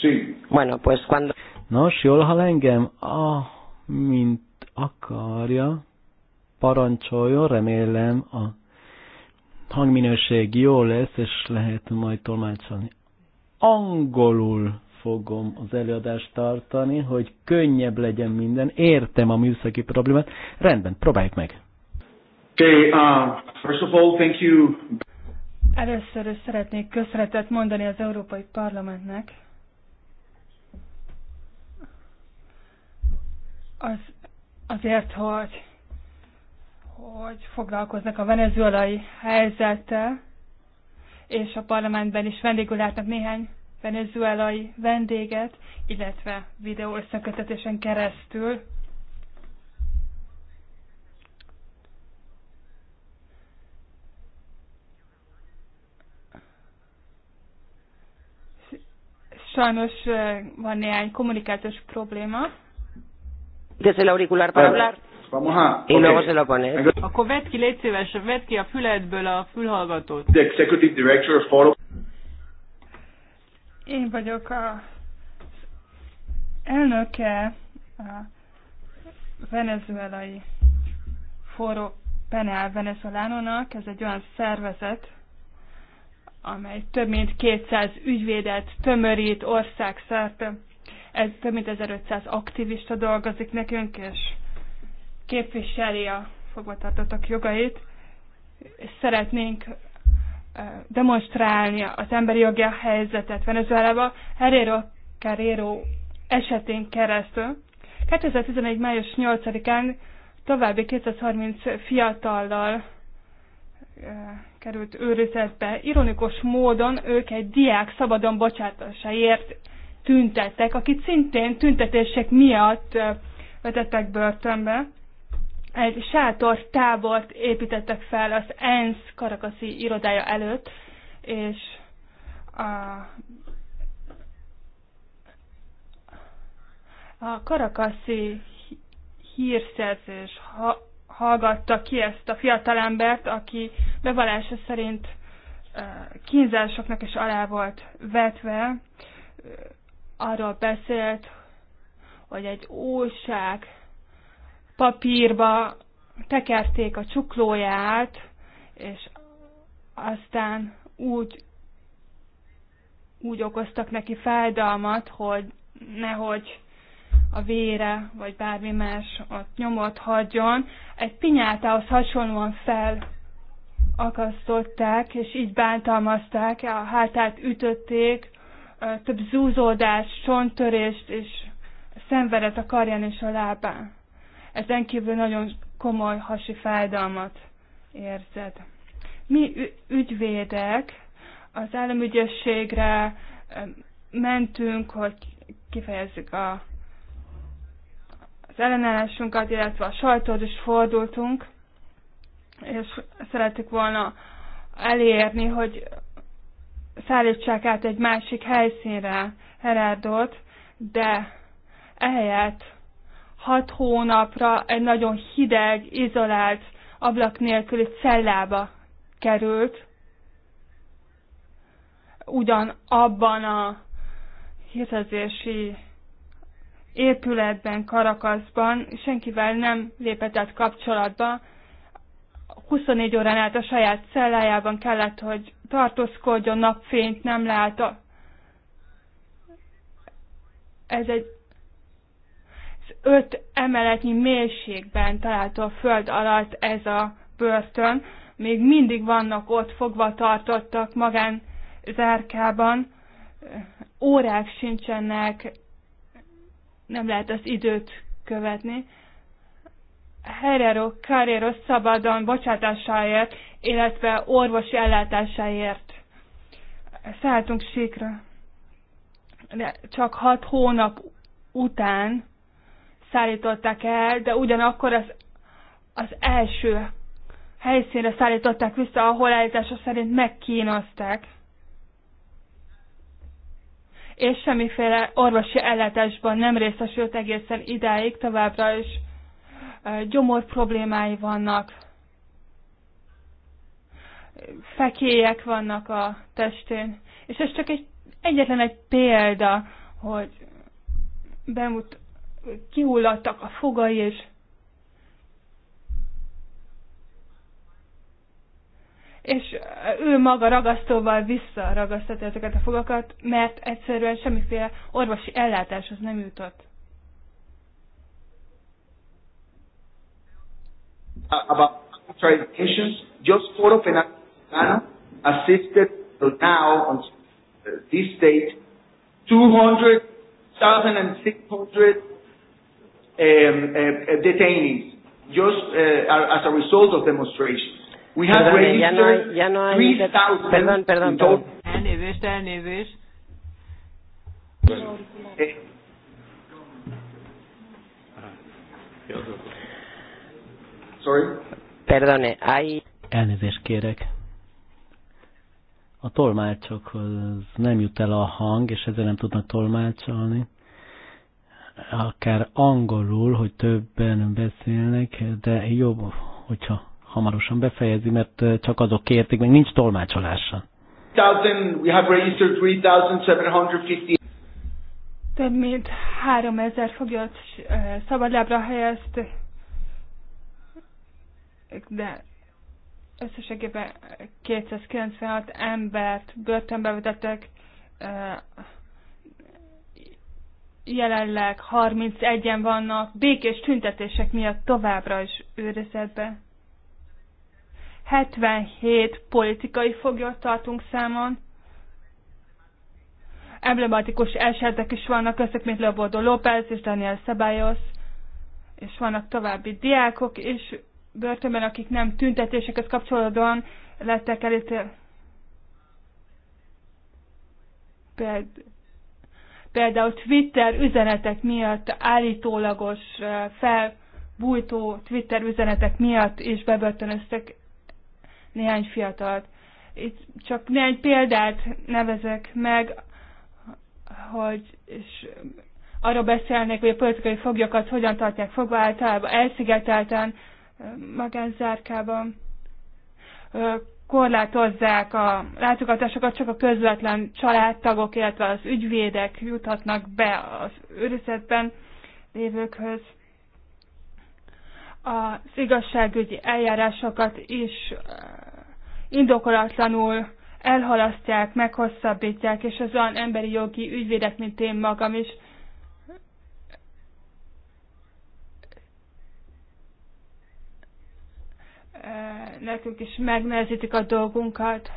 Sí. Bueno, pues cuando... Nos, jól hall engem? Ah, mint akarja parancsoljon, remélem a hangminőség jó lesz, és lehet majd tolmácsolni. Angolul fogom az előadást tartani, hogy könnyebb legyen minden. Értem a műszaki problémát. Rendben, próbáljuk meg. Okay, uh, first of all, thank you. Először is szeretnék köszönetet mondani az Európai Parlamentnek. Az, azért, hogy hogy foglalkoznak a venezuelai helyzettel, és a parlamentben is vendégül látnak néhány venezuelai vendéget, illetve videó összekötetésen keresztül. Sajnos eh, van néhány kommunikációs probléma. Desde el auricular para hablar. Vamos a... Okay. Y luego se lo pones. Akkor vedd ki, légy szíves, vedd ki a füledből a fülhallgatót. The executive director of Follow. Én vagyok a elnöke a venezuelai forró Penel Venezuelánonak. Ez egy olyan szervezet, amely több mint 200 ügyvédet tömörít országszerte. Ez több mint 1500 aktivista dolgozik nekünk, és képviseli a fogvatartottak jogait, és szeretnénk demonstrálni az emberi jogi helyzetet Venezuelába, Herrero Carrero esetén keresztül. 2011. május 8-án további 230 fiatallal került őrizetbe. Ironikus módon ők egy diák szabadon bocsátásáért tüntettek, akit szintén tüntetések miatt vetettek börtönbe egy sátor tábort építettek fel az ENSZ karakaszi irodája előtt, és a, a karakaszi hírszerzés ha, hallgatta ki ezt a fiatalembert, aki bevallása szerint kínzásoknak is alá volt vetve, arról beszélt, hogy egy újság papírba tekerték a csuklóját, és aztán úgy, úgy okoztak neki fájdalmat, hogy nehogy a vére, vagy bármi más ott nyomot hagyjon. Egy pinyátához hasonlóan fel akasztották, és így bántalmazták, a hátát ütötték, több zúzódást, csonttörést, és szenvedett a karján és a lábán ezen kívül nagyon komoly hasi fájdalmat érzed. Mi ügyvédek az államügyességre mentünk, hogy kifejezzük a, az ellenállásunkat, illetve a sajtót is fordultunk, és szerettük volna elérni, hogy szállítsák át egy másik helyszínre Herárdot, de ehelyett hat hónapra egy nagyon hideg, izolált, ablak nélküli cellába került, ugyan abban a hitezési épületben, karakaszban senkivel nem lépett át kapcsolatba. 24 órán át a saját cellájában kellett, hogy tartózkodjon, napfényt nem látta. Ez egy öt emeletnyi mélységben található a föld alatt ez a börtön. Még mindig vannak ott fogva tartottak magán zárkában, órák sincsenek, nem lehet az időt követni. Herrero Carrero szabadon bocsátásáért, illetve orvosi ellátásáért szálltunk síkra. De csak hat hónap után szállították el, de ugyanakkor az, az első helyszínre szállították vissza, ahol állítása szerint megkínozták. És semmiféle orvosi ellátásban nem részesült egészen idáig, továbbra is gyomor problémái vannak, fekélyek vannak a testén. És ez csak egy, egyetlen egy példa, hogy bemutat kiulladtak a fogai, és és ő maga ragasztóval visszaragasztotta ezeket a fogakat, mert egyszerűen semmiféle orvosi ellátáshoz nem jutott. Uh, about just four of assisted now on uh, this date 200,600 um, uh, uh, detainees just uh, as a result of demonstrations. We have Perdone, registered ya no hay, ya no hay 3,000. Perdón, perdón, perdón. Elnézést, elnézést. Eh? Sorry? Perdone, hay... Elnézést kérek. A tolmácsokhoz nem jut el a hang, és ezzel nem tudnak tolmácsolni akár angolul, hogy többen beszélnek, de jobb, hogyha hamarosan befejezi, mert csak azok kérték, meg nincs tolmácsolása. We have 3750 több mint 3000 foglyot szabadlábra helyezt, de összességében 296 embert börtönbe vetettek jelenleg 31-en vannak békés tüntetések miatt továbbra is őrizetbe. 77 politikai foglyot tartunk számon. Emblematikus esetek is vannak, ezek mint Leopoldo López és Daniel Szabályos, és vannak további diákok is börtönben, akik nem tüntetésekhez kapcsolódóan lettek elítélve például Twitter üzenetek miatt állítólagos felbújtó Twitter üzenetek miatt is bebörtönöztek néhány fiatalt. Itt csak néhány példát nevezek meg, hogy és arra beszélnek, hogy a politikai foglyokat hogyan tartják fogva általában, elszigetelten, magánzárkában korlátozzák a látogatásokat, csak a közvetlen családtagok, illetve az ügyvédek juthatnak be az őrizetben lévőkhöz. Az igazságügyi eljárásokat is eh, indokolatlanul elhalasztják, meghosszabbítják, és az olyan emberi jogi ügyvédek, mint én magam is, nekünk is megnehezítik a dolgunkat.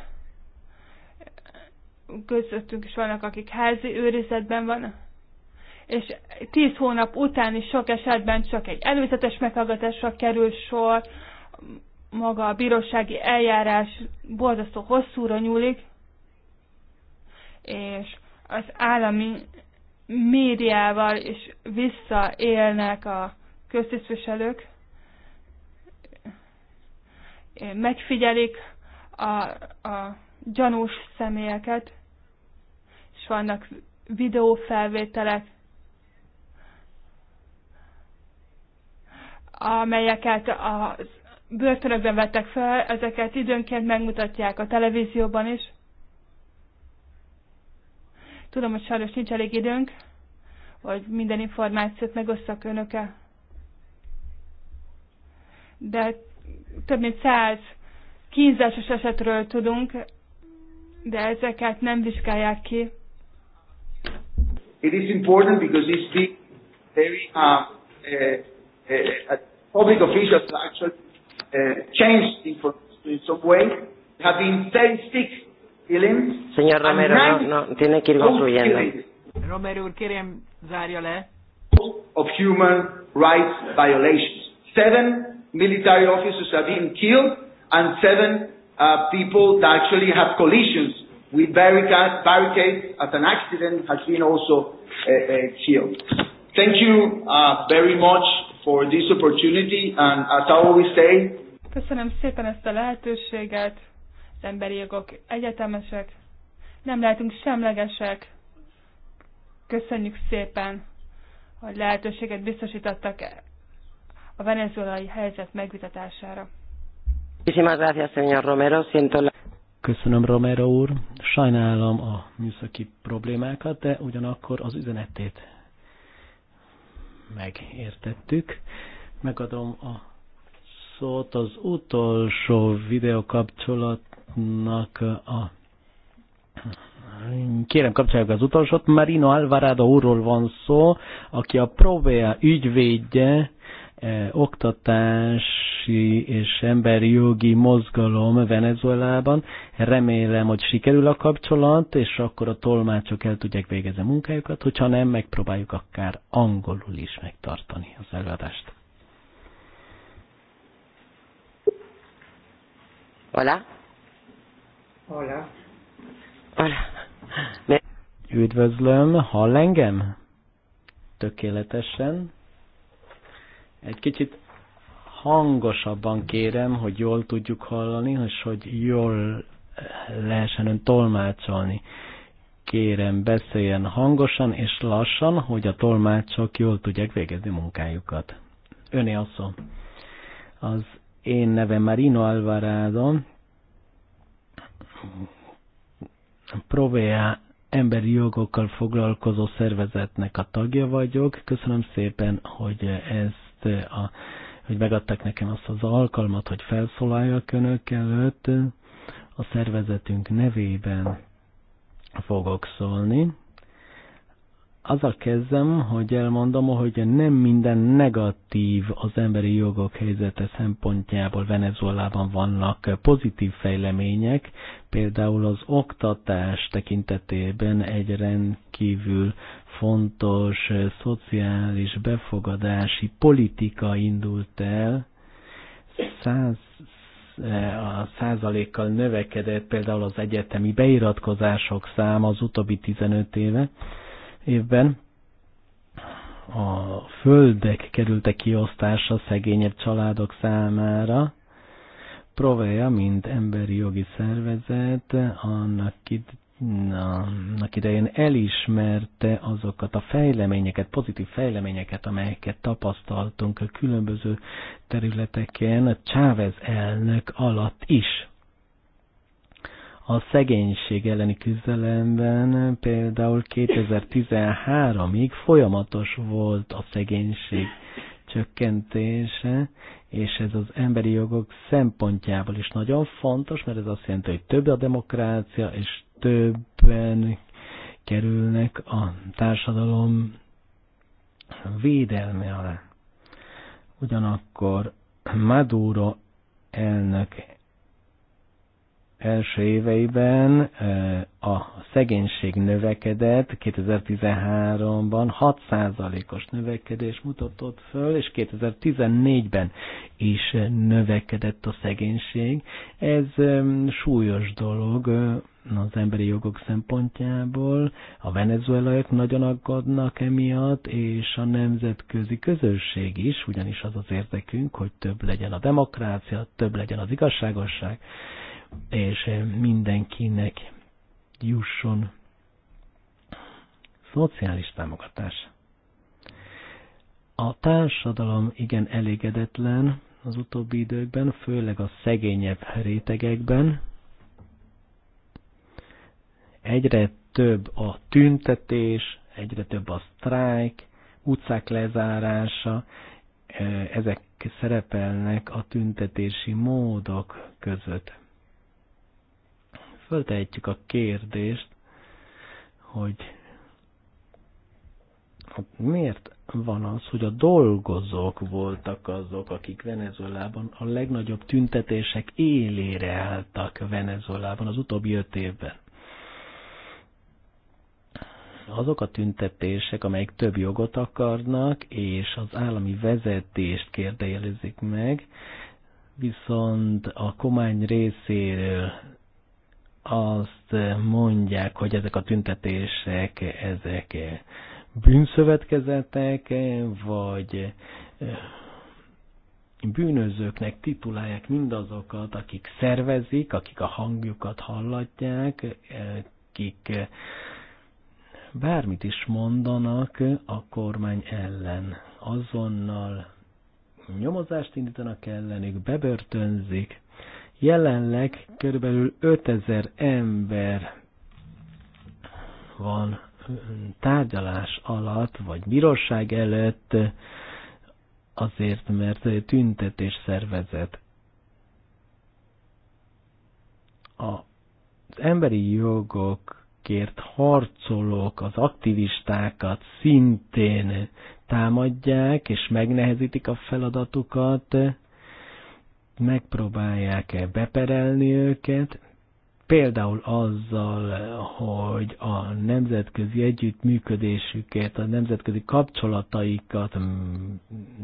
Közöttünk is vannak, akik házi őrizetben vannak és tíz hónap után is sok esetben csak egy előzetes meghallgatásra kerül sor, maga a bírósági eljárás borzasztó hosszúra nyúlik, és az állami médiával is visszaélnek a köztisztviselők megfigyelik a, a gyanús személyeket, és vannak videófelvételek, amelyeket a börtönökben vettek fel, ezeket időnként megmutatják a televízióban is. Tudom, hogy sajnos nincs elég időnk, hogy minden információt megosszak önöke. De több mint száz kínzásos esetről tudunk, de ezeket nem vizsgálják ki. It is important because these big, very uh, uh, uh, public officials actually uh, changed information in some way. Have been statistics, killings. Señor Romero, no, no, tiene que ir concluyendo. Romero ¿quieren zárja le. Of human rights violations. Seven military officers have been killed and seven uh, people that actually have collisions with barricades, barricades as an accident has been also uh, uh, killed. Thank you uh, very much for this opportunity and as I always say, Köszönöm szépen ezt a lehetőséget. Az emberi jogok egyetemesek. Nem lehetünk semlegesek. Köszönjük szépen, hogy lehetőséget biztosítottak a venezuelai helyzet megvitatására. Köszönöm, Romero úr. Sajnálom a műszaki problémákat, de ugyanakkor az üzenetét megértettük. Megadom a szót az utolsó videokapcsolatnak a Kérem, kapcsoljuk az utolsót. Marino Alvarado úrról van szó, aki a Provea ügyvédje, Eh, oktatási és emberi jogi mozgalom Venezuelában. Remélem, hogy sikerül a kapcsolat, és akkor a tolmácsok el tudják végezni a munkájukat, hogyha nem, megpróbáljuk akár angolul is megtartani az előadást. Hola. Hola. Hola. Üdvözlöm, hall engem? Tökéletesen. Egy kicsit hangosabban kérem, hogy jól tudjuk hallani, és hogy jól lehessen ön tolmácsolni. Kérem, beszéljen hangosan és lassan, hogy a tolmácsok jól tudják végezni munkájukat. Öné a szó. Az én nevem Marino Alvarado, Provea emberi jogokkal foglalkozó szervezetnek a tagja vagyok. Köszönöm szépen, hogy ez ezt, eh, a, hogy megadtak nekem azt az alkalmat, hogy felszólaljak önök előtt. A szervezetünk nevében fogok szólni. a kezdem, hogy elmondom, hogy nem minden negatív az emberi jogok helyzete szempontjából Venezuelában vannak pozitív fejlemények, például az oktatás tekintetében egy rendkívül fontos eh, szociális befogadási politika indult el, száz eh, a százalékkal növekedett például az egyetemi beiratkozások száma az utóbbi 15 éve, évben. A földek kerültek kiosztása szegényebb családok számára, Proveja, mint emberi jogi szervezet, annak Na, annak idején elismerte azokat a fejleményeket, pozitív fejleményeket, amelyeket tapasztaltunk a különböző területeken, a Chávez elnök alatt is. A szegénység elleni küzdelemben például 2013-ig folyamatos volt a szegénység csökkentése, és ez az emberi jogok szempontjából is nagyon fontos, mert ez azt jelenti, hogy több a demokrácia, és többen kerülnek a társadalom védelme alá. Ugyanakkor Maduro elnök első éveiben eh, a szegénység növekedett, 2013-ban 6%-os növekedés mutatott föl, és 2014-ben is növekedett a szegénység. Ez súlyos dolog, eh, az emberi jogok szempontjából. A venezuelaiak nagyon aggódnak emiatt, és a nemzetközi közösség is, ugyanis az az érdekünk, hogy több legyen a demokrácia, több legyen az igazságosság, és mindenkinek jusson szociális támogatás. A társadalom igen elégedetlen az utóbbi időkben, főleg a szegényebb rétegekben, Egyre több a tüntetés, egyre több a sztrájk, utcák lezárása, ezek szerepelnek a tüntetési módok között. Föltehetjük a kérdést, hogy hát miért van az, hogy a dolgozók voltak azok, akik Venezuelában a legnagyobb tüntetések élére álltak Venezuelában az utóbbi öt évben azok a tüntetések, amelyek több jogot akarnak, és az állami vezetést kérdejelezik meg, viszont a komány részéről azt mondják, hogy ezek a tüntetések, ezek bűnszövetkezetek, vagy eh, bűnözőknek titulálják mindazokat, akik szervezik, akik a hangjukat hallatják, eh, akik eh, bármit is mondanak a kormány ellen. Azonnal nyomozást indítanak ellenük, bebörtönzik. Jelenleg körülbelül 5000 ember van tárgyalás alatt, vagy bíróság előtt, azért, mert tüntetés szervezet. Az emberi jogok jogokért harcolók, az aktivistákat szintén támadják, és megnehezítik a feladatukat, megpróbálják beperelni őket, például azzal, hogy a nemzetközi együttműködésüket, a nemzetközi kapcsolataikat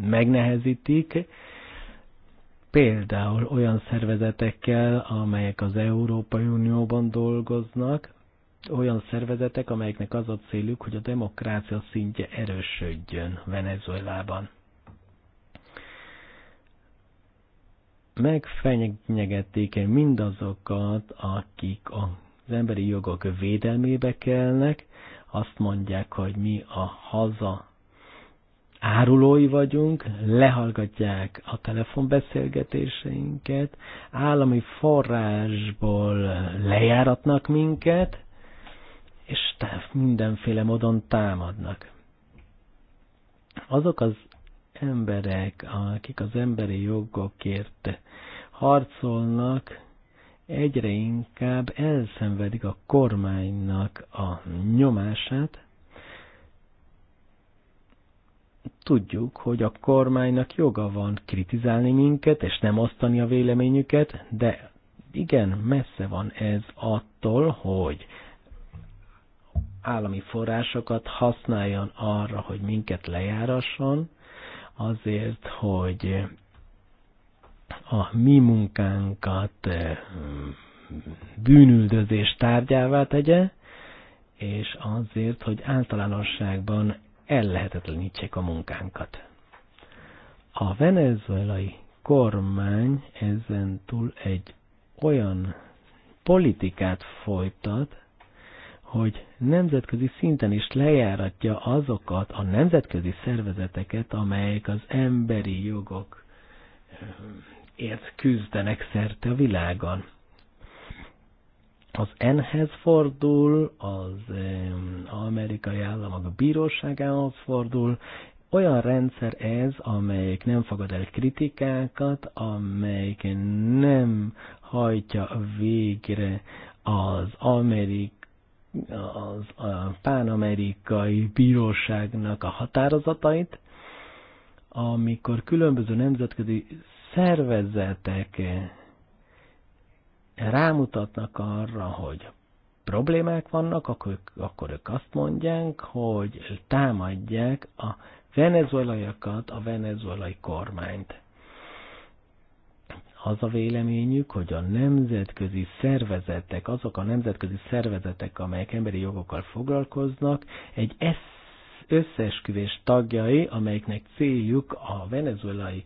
megnehezítik, például olyan szervezetekkel, amelyek az Európai Unióban dolgoznak, olyan szervezetek, amelyeknek az a céljuk, hogy a demokrácia szintje erősödjön Venezuelában. Megfenyegették mindazokat, akik az emberi jogok védelmébe kelnek, azt mondják, hogy mi a haza árulói vagyunk, lehallgatják a telefonbeszélgetéseinket, állami forrásból lejáratnak minket, és mindenféle módon támadnak. Azok az emberek, akik az emberi jogokért harcolnak, egyre inkább elszenvedik a kormánynak a nyomását. Tudjuk, hogy a kormánynak joga van kritizálni minket, és nem osztani a véleményüket, de igen, messze van ez attól, hogy állami forrásokat használjon arra, hogy minket lejárasson, azért, hogy a mi munkánkat eh, bűnüldözés tárgyává tegye, és azért, hogy általánosságban ellehetetlenítsék a munkánkat. A venezuelai kormány ezentúl egy olyan politikát folytat, hogy nemzetközi szinten is lejáratja azokat a nemzetközi szervezeteket, amelyek az emberi jogokért eh, küzdenek szerte a világon. Az enhez fordul, az eh, amerikai államok bíróságához fordul, olyan rendszer ez, amelyik nem fogad el kritikákat, amelyik nem hajtja végre az amerikai az a pánamerikai bíróságnak a határozatait, amikor különböző nemzetközi szervezetek eh, rámutatnak arra, hogy problémák vannak, akkor, ők, akkor ők azt mondják, hogy támadják a venezuelaiakat, a venezuelai kormányt az a véleményük, hogy a nemzetközi szervezetek, azok a nemzetközi szervezetek, amelyek emberi jogokkal foglalkoznak, egy összeesküvés tagjai, amelyeknek céljuk a venezuelai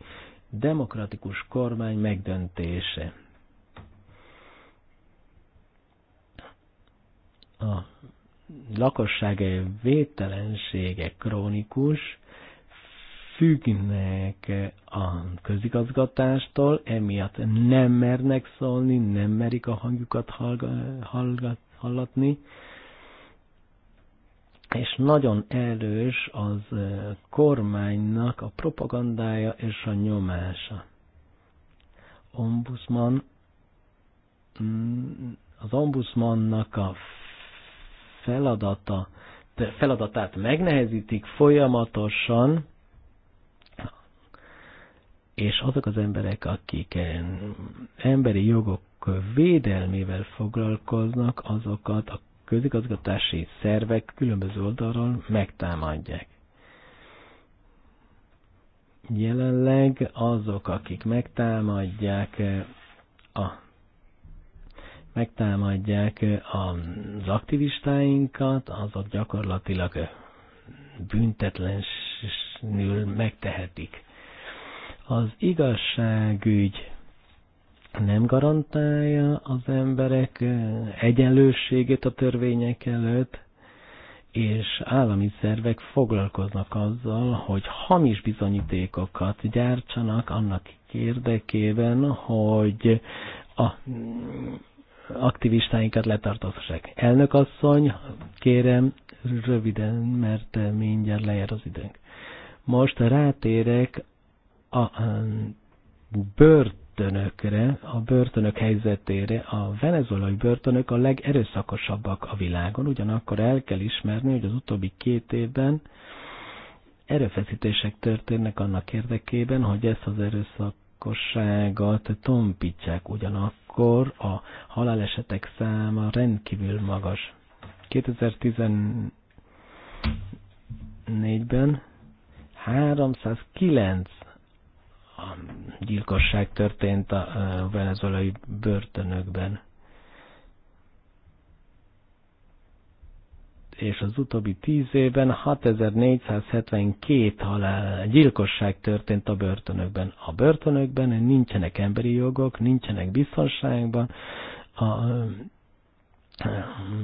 demokratikus kormány megdöntése. A lakosság vételensége krónikus, függnek a közigazgatástól, emiatt nem mernek szólni, nem merik a hangjukat hallatni, és nagyon erős az kormánynak a propagandája és a nyomása. Ombudsman, mm, az ombudsmannak a feladata, feladatát megnehezítik folyamatosan, és azok az emberek, akik eh, emberi jogok védelmével foglalkoznak, azokat a közigazgatási szervek különböző oldalról megtámadják. Jelenleg azok, akik megtámadják eh, a megtámadják eh, az aktivistáinkat, azok gyakorlatilag büntetlenül megtehetik az igazságügy nem garantálja az emberek egyenlőségét a törvények előtt, és állami szervek foglalkoznak azzal, hogy hamis bizonyítékokat gyártsanak annak érdekében, hogy a mm, aktivistáinkat letartóztassák. Elnök asszony, kérem, röviden, mert mindjárt lejár az időnk. Most rátérek a börtönökre, a börtönök helyzetére. A venezolai börtönök a legerőszakosabbak a világon, ugyanakkor el kell ismerni, hogy az utóbbi két évben erőfeszítések történnek annak érdekében, hogy ezt az erőszakosságot tompítsák, ugyanakkor a halálesetek száma rendkívül magas. 2014-ben 309 a gyilkosság történt a venezuelai börtönökben. és az utóbbi tíz évben 6472 halál gyilkosság történt a börtönökben. A börtönökben nincsenek emberi jogok, nincsenek biztonságban a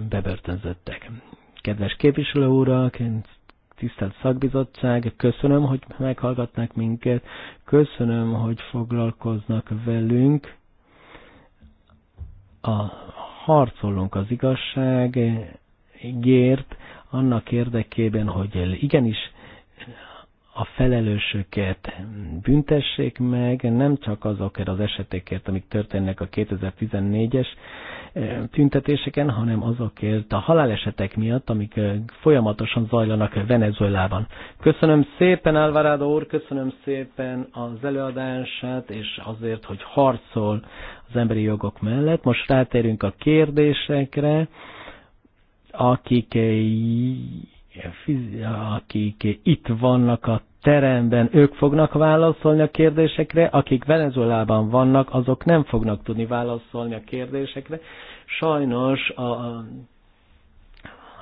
bebörtönzöttek. Kedves képviselő urak, tisztelt szakbizottság, köszönöm, hogy meghallgatnak minket, köszönöm, hogy foglalkoznak velünk. A harcolunk az igazság annak érdekében, hogy igenis a felelősöket büntessék meg, nem csak azokért az esetekért, amik történnek a 2014-es tüntetéseken, hanem azokért a halálesetek miatt, amik folyamatosan zajlanak Venezuelában. Köszönöm szépen, Alvarado úr, köszönöm szépen az előadását, és azért, hogy harcol az emberi jogok mellett. Most rátérünk a kérdésekre, akik akik itt vannak a teremben ők fognak válaszolni a kérdésekre, akik Venezuelában vannak, azok nem fognak tudni válaszolni a kérdésekre. Sajnos a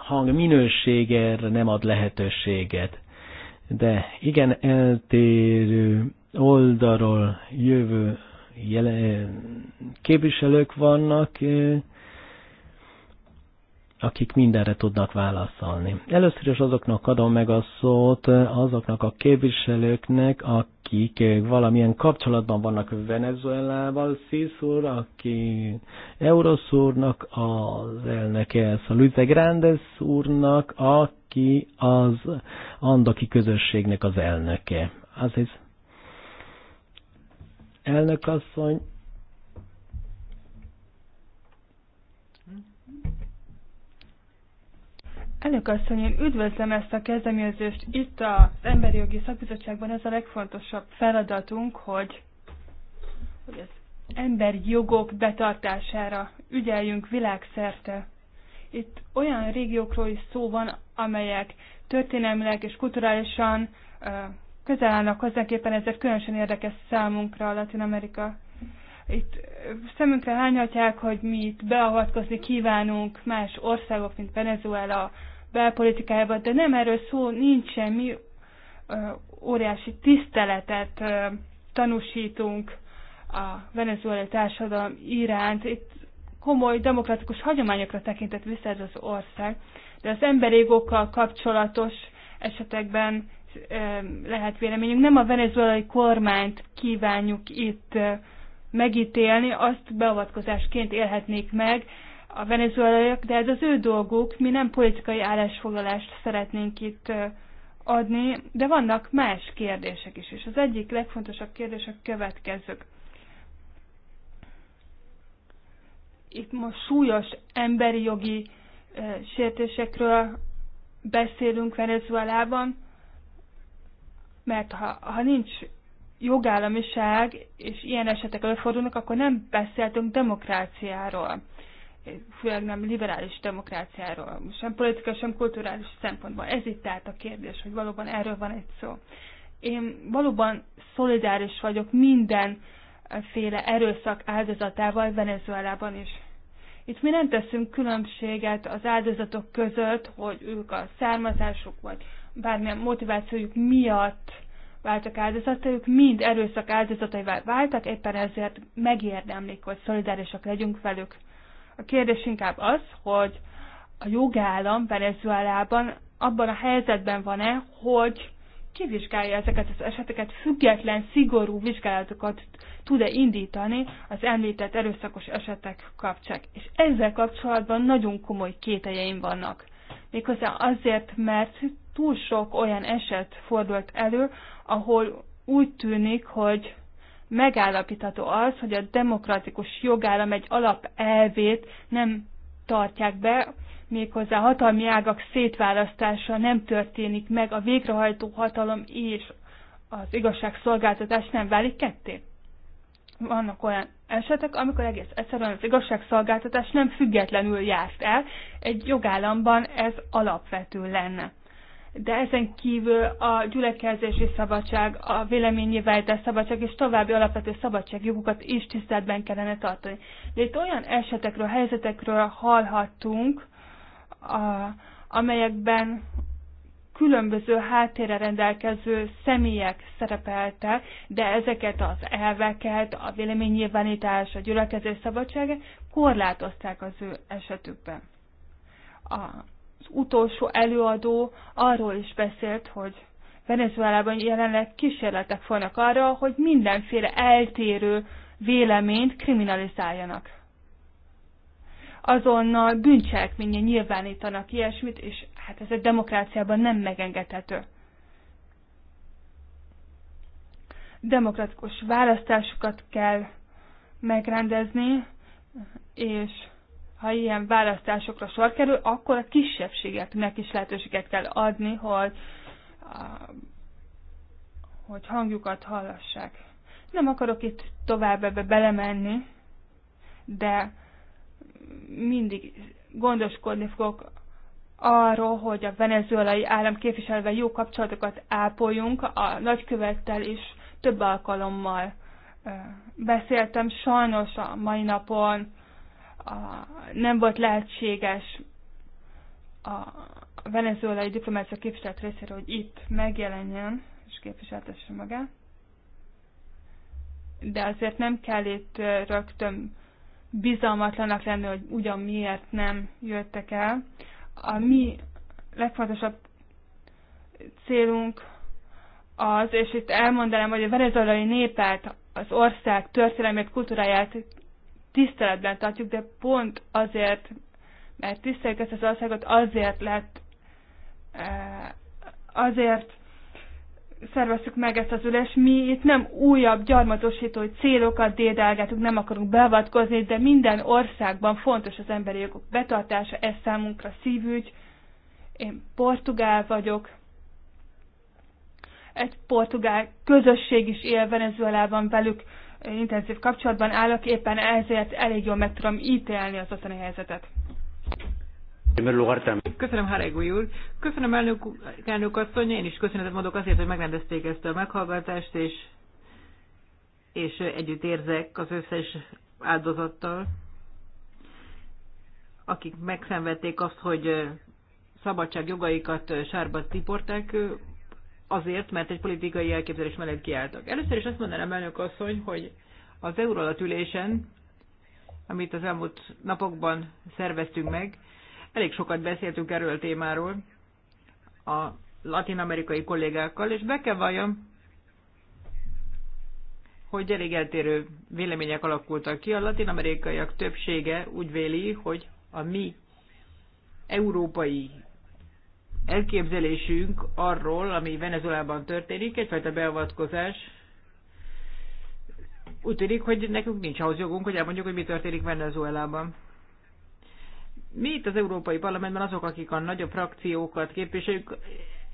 hang minőségére nem ad lehetőséget. De igen eltérő oldalról jövő jelen, képviselők vannak, akik mindenre tudnak válaszolni. Először is azoknak adom meg a szót azoknak a képviselőknek, akik valamilyen kapcsolatban vannak Venezuelával, Sziszúr, aki Eurosz úrnak, az elnöke a Luiz Grandes úrnak, aki az andoki közösségnek az elnöke. Az is. elnök asszony, Elnök asszony, én üdvözlöm ezt a kezdeményezést. Itt az Emberi Jogi Szakbizottságban ez a legfontosabb feladatunk, hogy, az emberi jogok betartására ügyeljünk világszerte. Itt olyan régiókról is szó van, amelyek történelmileg és kulturálisan közel állnak hozzánk, éppen ezért különösen érdekes számunkra a Latin Amerika. Itt szemünkre hányhatják, hogy mi itt beavatkozni kívánunk más országok, mint Venezuela, belpolitikájában, de nem erről szó nincs semmi óriási tiszteletet tanúsítunk a venezuelai társadalom iránt. Itt komoly demokratikus hagyományokra tekintett vissza ez az ország, de az emberi jogokkal kapcsolatos esetekben lehet véleményünk. Nem a venezuelai kormányt kívánjuk itt megítélni, azt beavatkozásként élhetnék meg, a venezuelaiak, de ez az ő dolguk, mi nem politikai állásfoglalást szeretnénk itt adni, de vannak más kérdések is, és az egyik legfontosabb kérdés a következők. Itt most súlyos emberi jogi sértésekről beszélünk Venezuelában, mert ha, ha nincs jogállamiság, és ilyen esetek előfordulnak, akkor nem beszéltünk demokráciáról főleg nem liberális demokráciáról, sem politikai, sem kulturális szempontból. Ez itt tehát a kérdés, hogy valóban erről van egy szó. Én valóban szolidáris vagyok mindenféle erőszak áldozatával Venezuelában is. Itt mi nem teszünk különbséget az áldozatok között, hogy ők a származásuk vagy bármilyen motivációjuk miatt váltak áldozatai, ők mind erőszak áldozataival váltak, éppen ezért megérdemlik, hogy szolidárisak legyünk velük. A kérdés inkább az, hogy a jogállam Venezuelában abban a helyzetben van-e, hogy kivizsgálja ezeket az eseteket, független, szigorú vizsgálatokat tud-e indítani az említett erőszakos esetek kapcsán. És ezzel kapcsolatban nagyon komoly kételjeim vannak. Méghozzá azért, mert túl sok olyan eset fordult elő, ahol úgy tűnik, hogy megállapítható az, hogy a demokratikus jogállam egy alapelvét nem tartják be, méghozzá hatalmi ágak szétválasztása nem történik meg, a végrehajtó hatalom és az igazságszolgáltatás nem válik ketté. Vannak olyan esetek, amikor egész egyszerűen az igazságszolgáltatás nem függetlenül járt el, egy jogállamban ez alapvető lenne de ezen kívül a gyülekezési szabadság, a véleménynyilvánítás szabadság és további alapvető szabadságjogokat is tiszteletben kellene tartani. De itt olyan esetekről, helyzetekről hallhattunk, a, amelyekben különböző háttérre rendelkező személyek szerepeltek, de ezeket az elveket, a véleménynyilvánítás, a gyülekezés szabadsága korlátozták az ő esetükben. A az utolsó előadó arról is beszélt, hogy Venezuelában jelenleg kísérletek folynak arra, hogy mindenféle eltérő véleményt kriminalizáljanak. Azonnal bűncselekménye nyilvánítanak ilyesmit, és hát ez egy demokráciában nem megengedhető. Demokratikus választásokat kell megrendezni, és ha ilyen választásokra sor kerül, akkor a kisebbségeknek is lehetőséget kell adni, hogy, hogy hangjukat hallassák. Nem akarok itt tovább ebbe belemenni, de mindig gondoskodni fogok arról, hogy a venezuelai állam képviselve jó kapcsolatokat ápoljunk, a nagykövettel is több alkalommal beszéltem. Sajnos a mai napon a, nem volt lehetséges a venezuelai diplomácia képviselt részéről, hogy itt megjelenjen és képviseltesse magát. De azért nem kell itt rögtön bizalmatlanak lenni, hogy ugyan miért nem jöttek el. A mi legfontosabb célunk az, és itt elmondanám, hogy a venezuelai népet, az ország történelmét, kultúráját tiszteletben tartjuk, de pont azért, mert tiszteljük ezt az országot, azért lett, eh, azért szerveztük meg ezt az ülést. Mi itt nem újabb gyarmatosító célokat dédelgetünk, nem akarunk beavatkozni, de minden országban fontos az emberi jogok betartása, ez számunkra szívügy. Én portugál vagyok, egy portugál közösség is él Venezuelában velük, intenzív kapcsolatban állok, éppen ezért elég jól meg tudom ítélni az ottani helyzetet. Köszönöm, Haregúj úr. Köszönöm, elnök, elnök asszony. Én is köszönetet mondok azért, hogy megrendezték ezt a meghallgatást, és, és együtt érzek az összes áldozattal, akik megszenvedték azt, hogy eh, szabadság jogaikat eh, sárba tiporták eh, azért, mert egy politikai elképzelés mellett kiálltak. Először is azt mondanám elnök asszony, hogy az Euróalat ülésen, amit az elmúlt napokban szerveztünk meg, elég sokat beszéltünk erről a témáról a latin-amerikai kollégákkal, és be kell valljam, hogy elég eltérő vélemények alakultak ki. A latin-amerikaiak többsége úgy véli, hogy a mi európai elképzelésünk arról, ami Venezuelában történik, egyfajta beavatkozás. Úgy tűnik, hogy nekünk nincs ahhoz jogunk, hogy elmondjuk, hogy mi történik Venezuelában. Mi itt az Európai Parlamentben azok, akik a nagyobb frakciókat képviseljük,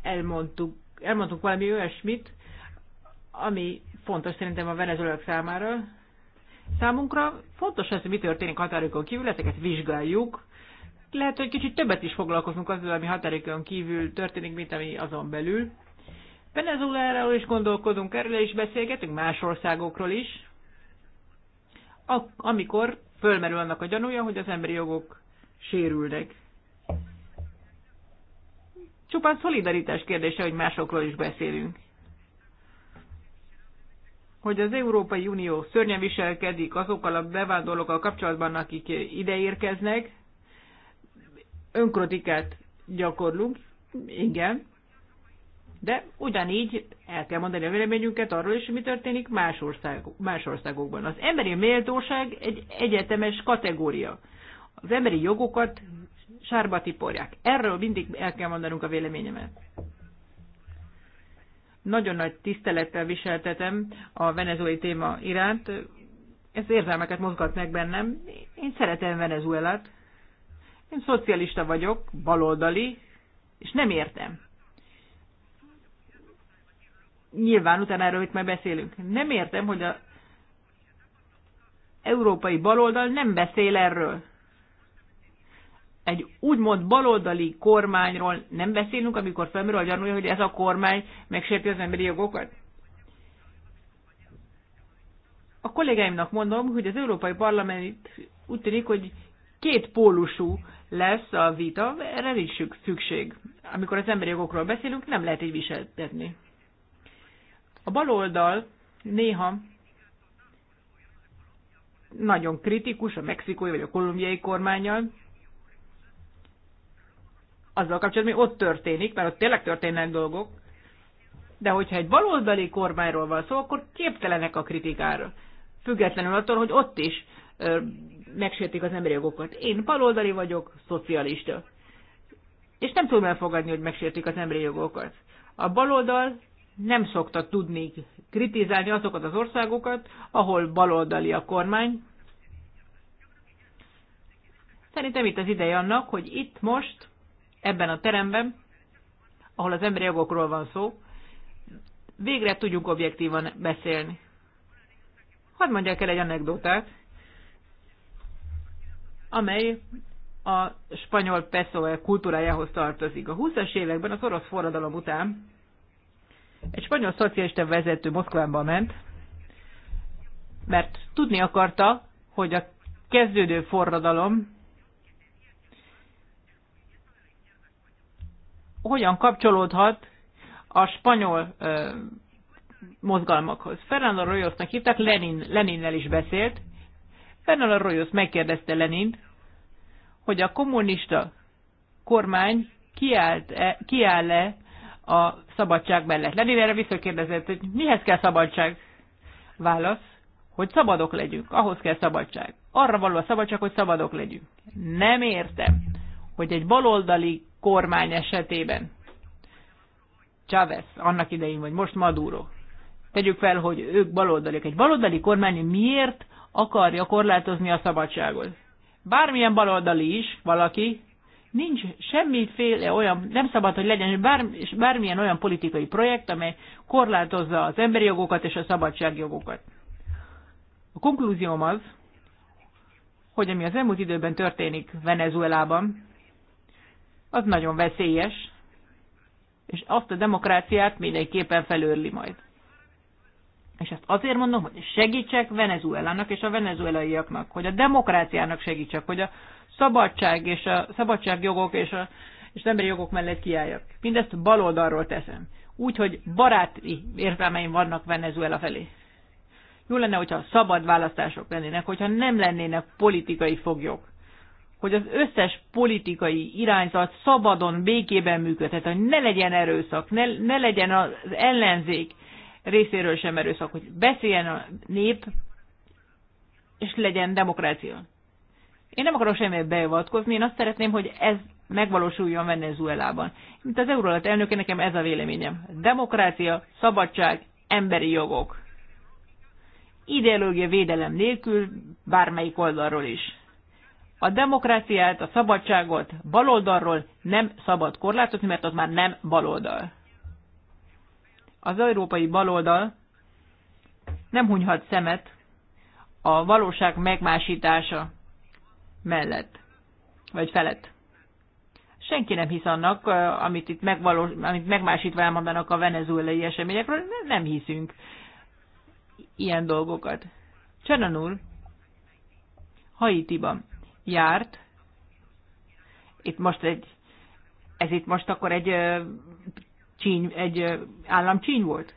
elmondtuk, elmondtuk valami olyasmit, ami fontos szerintem a venezuelák számára. Számunkra fontos az, hogy mi történik határokon kívül, ezeket vizsgáljuk, lehet, hogy kicsit többet is foglalkozunk azzal, ami határikon kívül történik, mint ami azon belül. Venezuela-ról is gondolkodunk, erről is beszélgetünk, más országokról is, amikor fölmerül annak a gyanúja, hogy az emberi jogok sérülnek. Csupán szolidaritás kérdése, hogy másokról is beszélünk. Hogy az Európai Unió szörnyen viselkedik azokkal a bevándorlókkal kapcsolatban, akik ide érkeznek, önkritikát gyakorlunk, igen, de ugyanígy el kell mondani a véleményünket arról is, mi történik más, ország, más országokban. Az emberi méltóság egy egyetemes kategória. Az emberi jogokat sárba tiporják. Erről mindig el kell mondanunk a véleményemet. Nagyon nagy tisztelettel viseltetem a venezuelai téma iránt. Ez érzelmeket mozgat meg bennem. Én szeretem Venezuelát. Én szocialista vagyok, baloldali, és nem értem. Nyilván utána erről itt már beszélünk. Nem értem, hogy a európai baloldal nem beszél erről. Egy úgymond baloldali kormányról nem beszélünk, amikor felmerül a gyanúja, hogy ez a kormány megsérti az emberi jogokat. A kollégáimnak mondom, hogy az Európai Parlament úgy tűnik, hogy két pólusú lesz a vita, erre nincs szükség. Amikor az emberi jogokról beszélünk, nem lehet így viseltetni. A baloldal néha nagyon kritikus a mexikói vagy a kolumbiai kormányjal, azzal kapcsolatban, hogy ott történik, mert ott tényleg történnek dolgok, de hogyha egy baloldali kormányról van szó, akkor képtelenek a kritikára. Függetlenül attól, hogy ott is megsértik az emberi jogokat. Én baloldali vagyok, szocialista. És nem tudom elfogadni, hogy megsértik az emberi jogokat. A baloldal nem szokta tudni kritizálni azokat az országokat, ahol baloldali a kormány. Szerintem itt az ideje annak, hogy itt most, ebben a teremben, ahol az emberi jogokról van szó, végre tudjunk objektívan beszélni. Hadd mondjak el egy anekdotát amely a spanyol peso kultúrájához tartozik. A 20-as években az orosz forradalom után egy spanyol szocialista vezető Moszkvába ment, mert tudni akarta, hogy a kezdődő forradalom hogyan kapcsolódhat a spanyol ö, mozgalmakhoz. Fernando Royosnak hívták, Lenin, Leninnel is beszélt, a Royos megkérdezte Lenint, hogy a kommunista kormány e kiáll-e a szabadság mellett. Lenin erre visszakérdezett, hogy mihez kell szabadság? Válasz, hogy szabadok legyünk, ahhoz kell szabadság. Arra való a szabadság, hogy szabadok legyünk. Nem értem, hogy egy baloldali kormány esetében Chávez annak idején, vagy most Maduro, tegyük fel, hogy ők baloldaliak. Egy baloldali kormány miért akarja korlátozni a szabadságot. Bármilyen baloldali is valaki, nincs semmiféle eh, olyan, nem szabad, hogy legyen bár, bármilyen olyan politikai projekt, amely korlátozza az emberi jogokat és a szabadságjogokat. A konklúzióm az, hogy ami az elmúlt időben történik Venezuelában, az nagyon veszélyes, és azt a demokráciát mindenképpen felőrli majd. És ezt azért mondom, hogy segítsek Venezuelának és a venezuelaiaknak, hogy a demokráciának segítsek, hogy a szabadság és a szabadságjogok és, a, és az emberi jogok mellett kiálljak. Mindezt baloldalról teszem. Úgy, hogy baráti értelmeim vannak Venezuela felé. Jó lenne, hogyha szabad választások lennének, hogyha nem lennének politikai foglyok. Hogy az összes politikai irányzat szabadon, békében működhet, hogy ne legyen erőszak, ne, ne legyen az ellenzék, részéről sem erőszak, hogy beszéljen a nép, és legyen demokrácia. Én nem akarok semmilyen beavatkozni, én azt szeretném, hogy ez megvalósuljon Venezuelában. Mint az Eurólat elnöke, nekem ez a véleményem. Demokrácia, szabadság, emberi jogok. Ideológia védelem nélkül bármelyik oldalról is. A demokráciát, a szabadságot baloldalról nem szabad korlátozni, mert az már nem baloldal az európai baloldal nem hunyhat szemet a valóság megmásítása mellett, vagy felett. Senki nem hisz annak, amit itt megvalós, amit megmásítva elmondanak a venezuelai eseményekről, nem hiszünk ilyen dolgokat. Csananul Haitiban járt, itt most egy, ez itt most akkor egy csíny, egy állam csíny volt.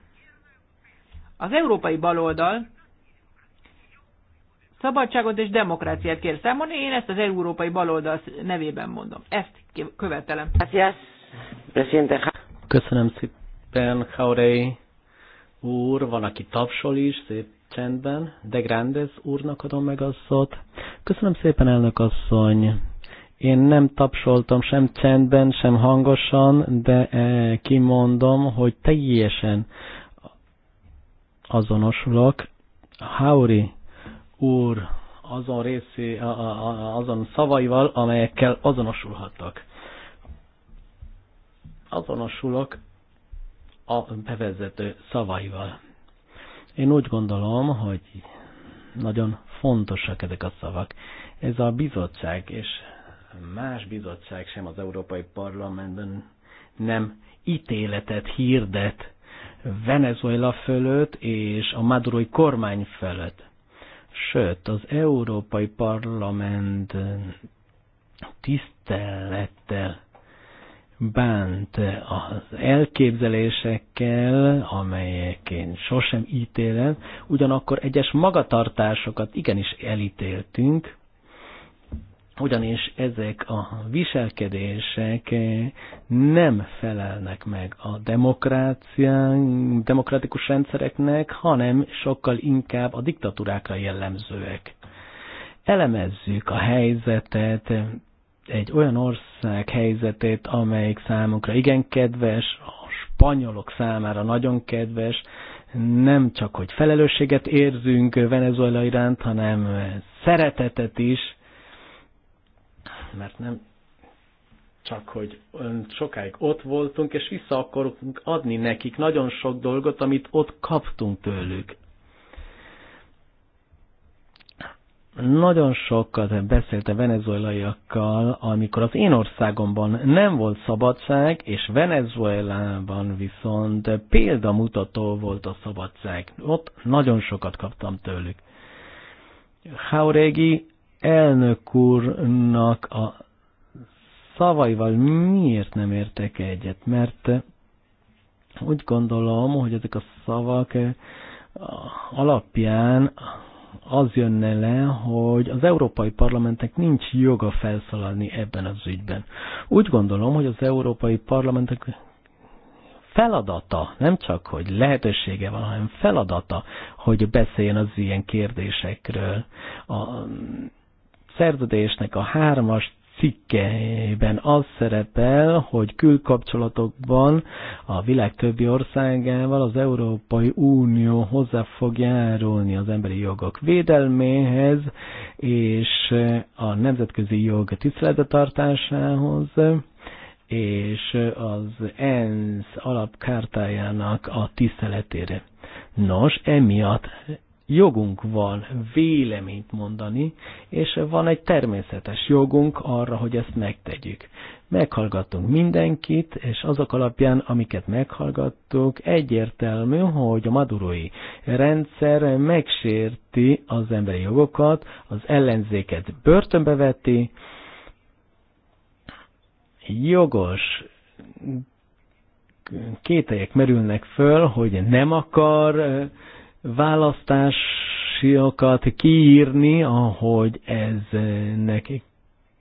Az európai baloldal szabadságot és demokráciát kér számon, én ezt az európai baloldal nevében mondom. Ezt követelem. Köszönöm szépen, Haurei úr, van, aki tapsol is, szép csendben. De Grandes úrnak adom meg a szót. Köszönöm szépen, elnök asszony én nem tapsoltam sem csendben, sem hangosan, de eh, kimondom, hogy teljesen azonosulok. Hauri úr azon részé, azon szavaival, amelyekkel azonosulhattak. Azonosulok a bevezető szavaival. Én úgy gondolom, hogy nagyon fontosak ezek a szavak. Ez a bizottság és más bizottság sem az Európai Parlamentben nem ítéletet hirdet Venezuela fölött és a madurói kormány fölött. Sőt, az Európai Parlament tisztelettel bánt az elképzelésekkel, amelyek én sosem ítélem, ugyanakkor egyes magatartásokat igenis elítéltünk, ugyanis ezek a viselkedések nem felelnek meg a demokratikus rendszereknek, hanem sokkal inkább a diktatúrákra jellemzőek. Elemezzük a helyzetet, egy olyan ország helyzetét, amelyik számunkra igen kedves, a spanyolok számára nagyon kedves, nem csak, hogy felelősséget érzünk Venezuela iránt, hanem szeretetet is, mert nem csak, hogy sokáig ott voltunk, és vissza akarunk adni nekik nagyon sok dolgot, amit ott kaptunk tőlük. Nagyon sokat beszéltem venezuelaiakkal, amikor az én országomban nem volt szabadság, és Venezuelában viszont példamutató volt a szabadság. Ott nagyon sokat kaptam tőlük. Hauregi elnök úrnak a szavaival miért nem értek egyet, mert úgy gondolom, hogy ezek a szavak eh, alapján az jönne le, hogy az Európai Parlamentnek nincs joga felszaladni ebben az ügyben. Úgy gondolom, hogy az Európai Parlamentnek feladata, nem csak, hogy lehetősége van, hanem feladata, hogy beszéljen az ilyen kérdésekről. A, szerződésnek a hármas cikkeiben az szerepel, hogy külkapcsolatokban a világ többi országával az Európai Unió hozzá fog járulni az emberi jogok védelméhez és a nemzetközi jog tiszteletetartásához és az ENSZ alapkártájának a tiszteletére. Nos, emiatt jogunk van véleményt mondani, és van egy természetes jogunk arra, hogy ezt megtegyük. Meghallgattunk mindenkit, és azok alapján, amiket meghallgattuk, egyértelmű, hogy a madurói rendszer megsérti az emberi jogokat, az ellenzéket börtönbe veti, jogos kételyek merülnek föl, hogy nem akar választásiakat kiírni, ahogy ez nekik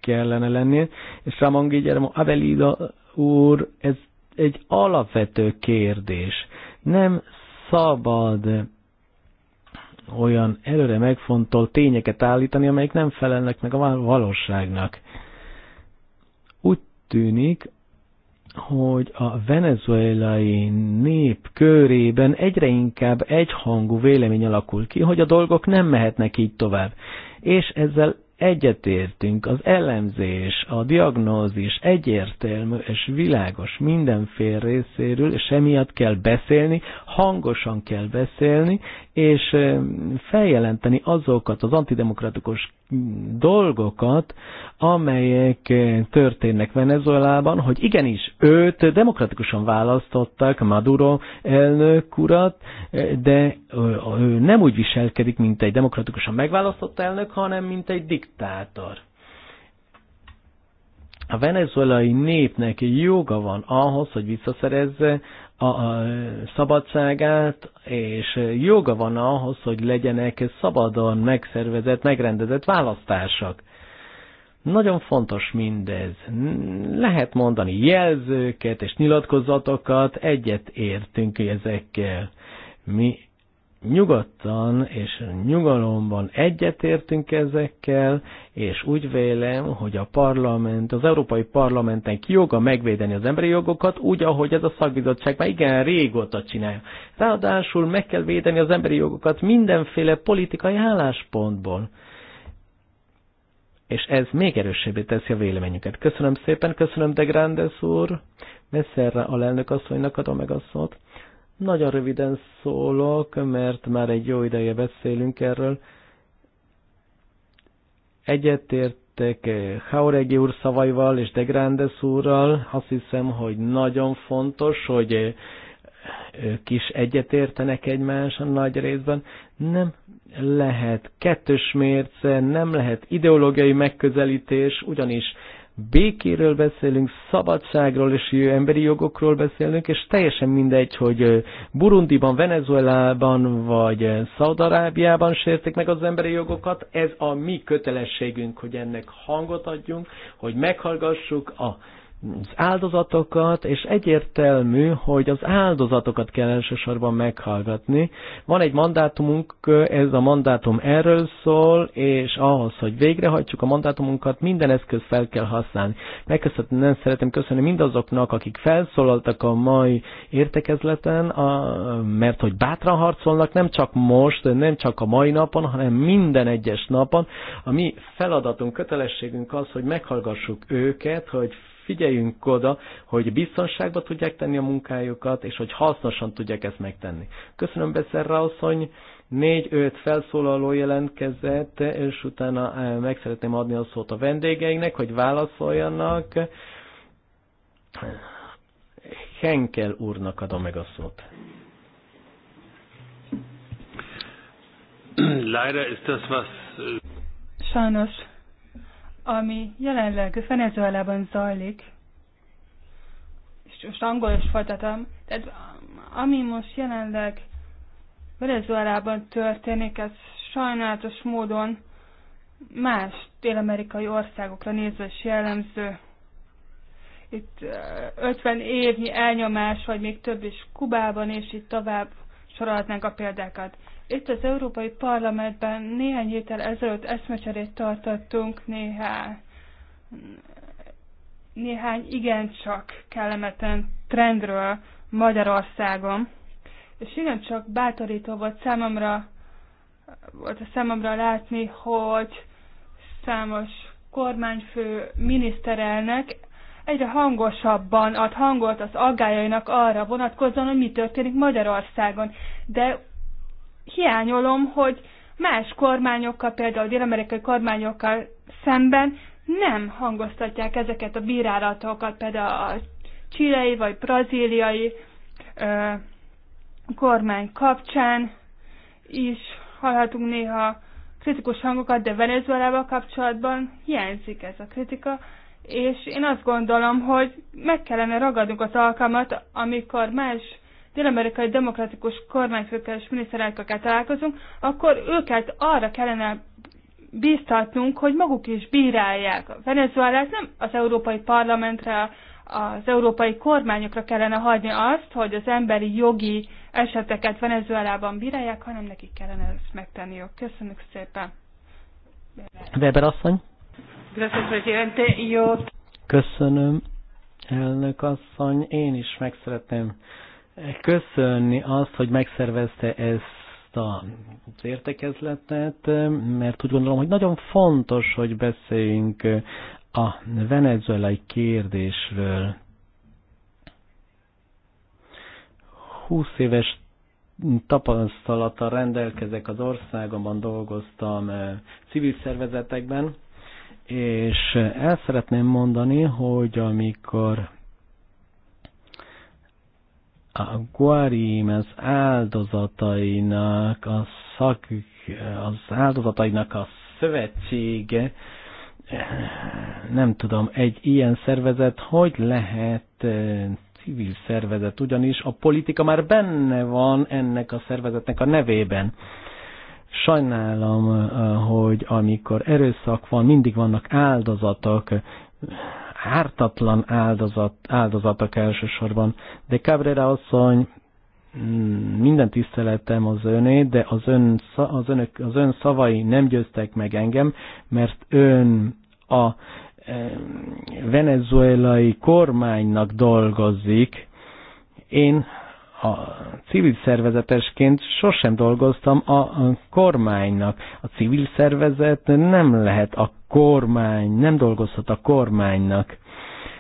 kellene lennie. És Ramon Guillermo Avelida úr, ez egy alapvető kérdés. Nem szabad olyan előre megfontolt tényeket állítani, amelyek nem felelnek meg a valóságnak. Úgy tűnik, hogy a venezuelai nép körében egyre inkább egyhangú vélemény alakul ki, hogy a dolgok nem mehetnek így tovább. És ezzel egyetértünk, az elemzés, a diagnózis egyértelmű és világos mindenfél részéről, és emiatt kell beszélni, hangosan kell beszélni, és eh, feljelenteni azokat az antidemokratikus dolgokat, amelyek eh, történnek Venezuelában, hogy igenis őt demokratikusan választották, Maduro elnök urat, eh, de eh, ő nem úgy viselkedik, mint egy demokratikusan megválasztott elnök, hanem mint egy diktátor. A venezuelai népnek joga van ahhoz, hogy visszaszerezze a szabadságát, és joga van ahhoz, hogy legyenek szabadon megszervezett, megrendezett választások. Nagyon fontos mindez. Lehet mondani jelzőket és nyilatkozatokat, egyet értünk ezekkel. Mi nyugodtan és nyugalomban egyetértünk ezekkel, és úgy vélem, hogy a parlament, az Európai Parlamenten joga megvédeni az emberi jogokat, úgy, ahogy ez a szakbizottság már igen régóta csinálja. Ráadásul meg kell védeni az emberi jogokat mindenféle politikai álláspontból. És ez még erősebbé teszi a véleményüket. Köszönöm szépen, köszönöm De Grandes úr, Messzerre lelnök asszonynak adom meg a szót. Nagyon röviden szólok, mert már egy jó ideje beszélünk erről. Egyetértek Hauregi úr szavaival és De Grandes úrral. Azt hiszem, hogy nagyon fontos, hogy ők is egyetértenek a nagy részben. Nem lehet kettős mérce, nem lehet ideológiai megközelítés, ugyanis békéről beszélünk, szabadságról és emberi jogokról beszélünk, és teljesen mindegy, hogy Burundiban, Venezuelában vagy Szaudarábiában sértik meg az emberi jogokat, ez a mi kötelességünk, hogy ennek hangot adjunk, hogy meghallgassuk a az áldozatokat, és egyértelmű, hogy az áldozatokat kell elsősorban meghallgatni. Van egy mandátumunk, ez a mandátum erről szól, és ahhoz, hogy végrehajtsuk a mandátumunkat, minden eszköz fel kell használni. Megköszönöm, szeretem köszönni mindazoknak, akik felszólaltak a mai értekezleten, a, mert hogy bátran harcolnak, nem csak most, nem csak a mai napon, hanem minden egyes napon. A mi feladatunk, kötelességünk az, hogy meghallgassuk őket, hogy figyeljünk oda, hogy biztonságba tudják tenni a munkájukat, és hogy hasznosan tudják ezt megtenni. Köszönöm Beszerra asszony, négy-öt felszólaló jelentkezett, és utána eh, meg szeretném adni a szót a vendégeinknek, hogy válaszoljanak. Henkel úrnak adom meg a szót. Leider ist das, was... Äh, Sajnos ami jelenleg Venezuelában zajlik, és most angol is folytatom, tehát ami most jelenleg Venezuelában történik, ez sajnálatos módon más dél-amerikai országokra nézve is jellemző. Itt 50 évnyi elnyomás, vagy még több is Kubában, és itt tovább sorolhatnánk a példákat. Itt az Európai Parlamentben néhány héttel ezelőtt eszmecserét tartottunk néhány, néhány igencsak kellemetlen trendről Magyarországon, és igencsak bátorító volt számomra, volt a számomra látni, hogy számos kormányfő miniszterelnek egyre hangosabban ad hangot az aggájainak arra vonatkozóan, hogy mi történik Magyarországon. De hiányolom, hogy más kormányokkal, például dél-amerikai kormányokkal szemben nem hangoztatják ezeket a bírálatokat, például a csilei vagy braziliai ö, kormány kapcsán is hallhatunk néha kritikus hangokat, de Venezuelával kapcsolatban hiányzik ez a kritika, és én azt gondolom, hogy meg kellene ragadnunk az alkalmat, amikor más dél-amerikai demokratikus kormányfőkkel és miniszterelnökkel találkozunk, akkor őket arra kellene bíztatnunk, hogy maguk is bírálják a Venezuelát, nem az Európai Parlamentre, az európai kormányokra kellene hagyni azt, hogy az emberi jogi eseteket Venezuelában bírálják, hanem nekik kellene ezt megtenniük. Köszönjük szépen. Weber asszony. Köszönöm, elnök asszony. Én is meg szeretném köszönni azt, hogy megszervezte ezt a az értekezletet, mert úgy gondolom, hogy nagyon fontos, hogy beszéljünk a venezuelai kérdésről. 20 éves tapasztalata rendelkezek az országomban, dolgoztam eh, civil szervezetekben, és eh, el szeretném mondani, hogy amikor a Guarimes áldozatainak a szak, az áldozatainak a szövetsége, nem tudom, egy ilyen szervezet hogy lehet eh, civil szervezet, ugyanis a politika már benne van ennek a szervezetnek a nevében. Sajnálom, eh, hogy amikor erőszak van, mindig vannak áldozatok, ártatlan áldozat, áldozatok elsősorban. De Cabrera asszony, mm, minden tiszteletem az öné, de az ön, az, önök, az ön szavai nem győztek meg engem, mert ön a venezuelai kormánynak dolgozik, én a civil szervezetesként sosem dolgoztam a kormánynak. A civil szervezet nem lehet a kormány, nem dolgozhat a kormánynak.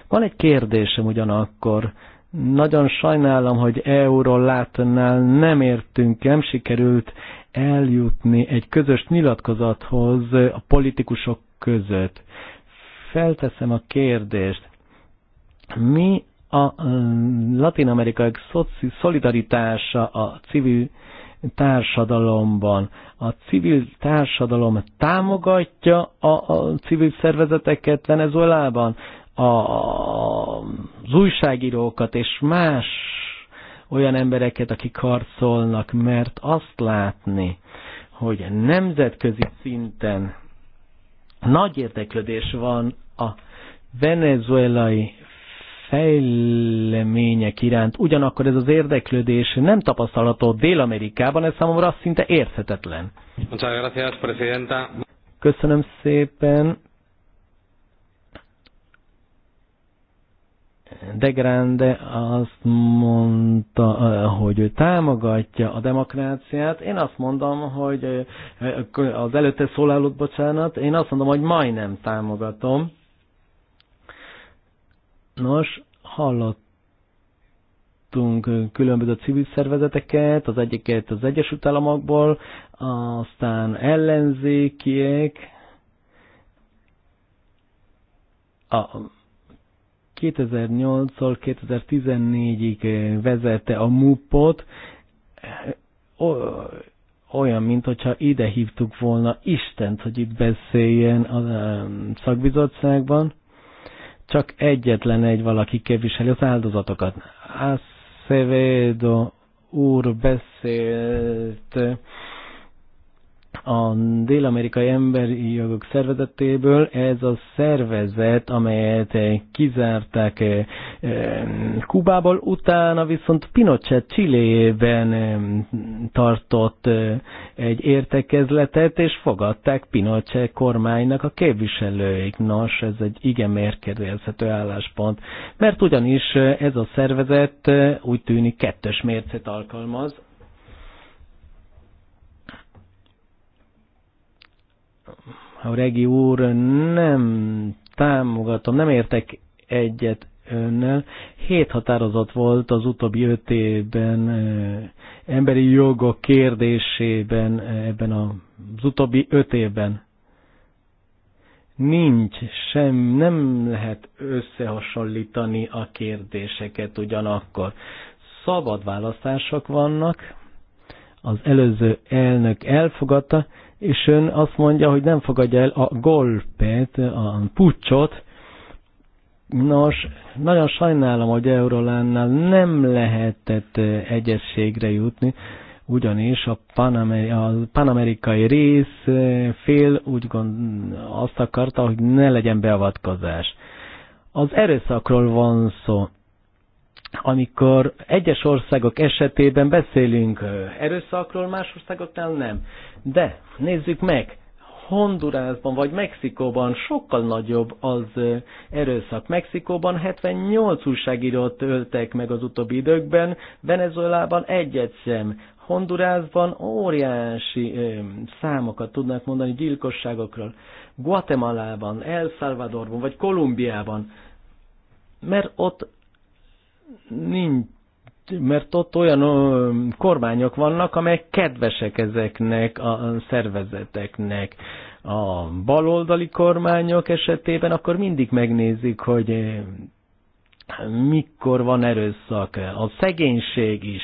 Van egy kérdésem ugyanakkor. Nagyon sajnálom, hogy euró látnál nem értünk, nem sikerült eljutni egy közös nyilatkozathoz a politikusok között. Felteszem a kérdést. Mi a Latin Amerikai szolidaritása a civil társadalomban. A civil társadalom támogatja a, a civil szervezeteket Venezuelában, a, az újságírókat és más olyan embereket, akik harcolnak, mert azt látni, hogy nemzetközi szinten nagy érdeklődés van a venezuelai fejlemények iránt, ugyanakkor ez az érdeklődés nem tapasztalható Dél-Amerikában, ez számomra szinte érthetetlen. Köszönöm szépen. De Grande azt mondta, hogy ő támogatja a demokráciát. Én azt mondom, hogy az előtte szólálót, bocsánat, én azt mondom, hogy majdnem támogatom Nos, hallottunk különböző civil szervezeteket, az egyiket az Egyesült Államokból, aztán ellenzékiek, a 2008-tól 2014-ig vezette a MUP-ot, olyan, mint ide hívtuk volna Istent, hogy itt beszéljen a szakbizottságban csak egyetlen egy valaki képviseli az áldozatokat. Acevedo úr beszélt a dél-amerikai emberi jogok szervezetéből. Ez a szervezet, amelyet eh, kizárták eh, eh, Kubából, utána viszont Pinochet Csillében tartott egy értekezletet, és fogadták Pinochet kormánynak a képviselőik. Nos, ez egy igen mérkérdezhető álláspont, mert ugyanis ez a szervezet úgy tűnik kettős mércét alkalmaz, a regi úr, nem támogatom, nem értek egyet önnel. Hét határozat volt az utóbbi öt évben emberi jogok kérdésében ebben az utóbbi öt évben. Nincs sem, nem lehet összehasonlítani a kérdéseket ugyanakkor. Szabad választások vannak, az előző elnök elfogadta, és ön azt mondja, hogy nem fogadja el a golpet, a pucsot. Nos, nagyon sajnálom, hogy Eurolánnál nem lehetett egyességre jutni, ugyanis a, panameri, a panamerikai rész fél úgy gond, azt akarta, hogy ne legyen beavatkozás. Az erőszakról van szó amikor egyes országok esetében beszélünk erőszakról, más országoknál nem. De nézzük meg, Hondurasban vagy Mexikóban sokkal nagyobb az erőszak. Mexikóban 78 újságírót öltek meg az utóbbi időkben, Venezuelában egyet sem. Hondurasban óriási ö, számokat tudnak mondani gyilkosságokról. Guatemalában, El Salvadorban vagy Kolumbiában. Mert ott nincs, mert ott olyan ö, kormányok vannak, amelyek kedvesek ezeknek a szervezeteknek. A baloldali kormányok esetében akkor mindig megnézik, hogy mikor van erőszak, a szegénység is.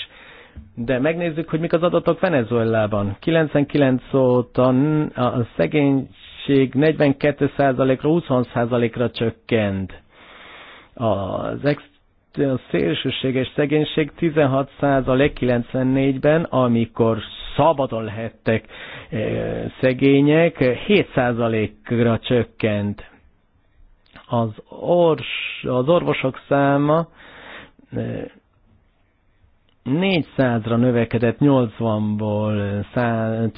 De megnézzük, hogy mik az adatok Venezuelában. 99 óta a szegénység 42%-ra, 20%-ra csökkent. Az ex a szélsőséges szegénység 16%-94-ben, amikor szabadon lehettek e, szegények, 7%-ra csökkent. Az, ors, az orvosok száma 400-ra e, növekedett 80-ból 100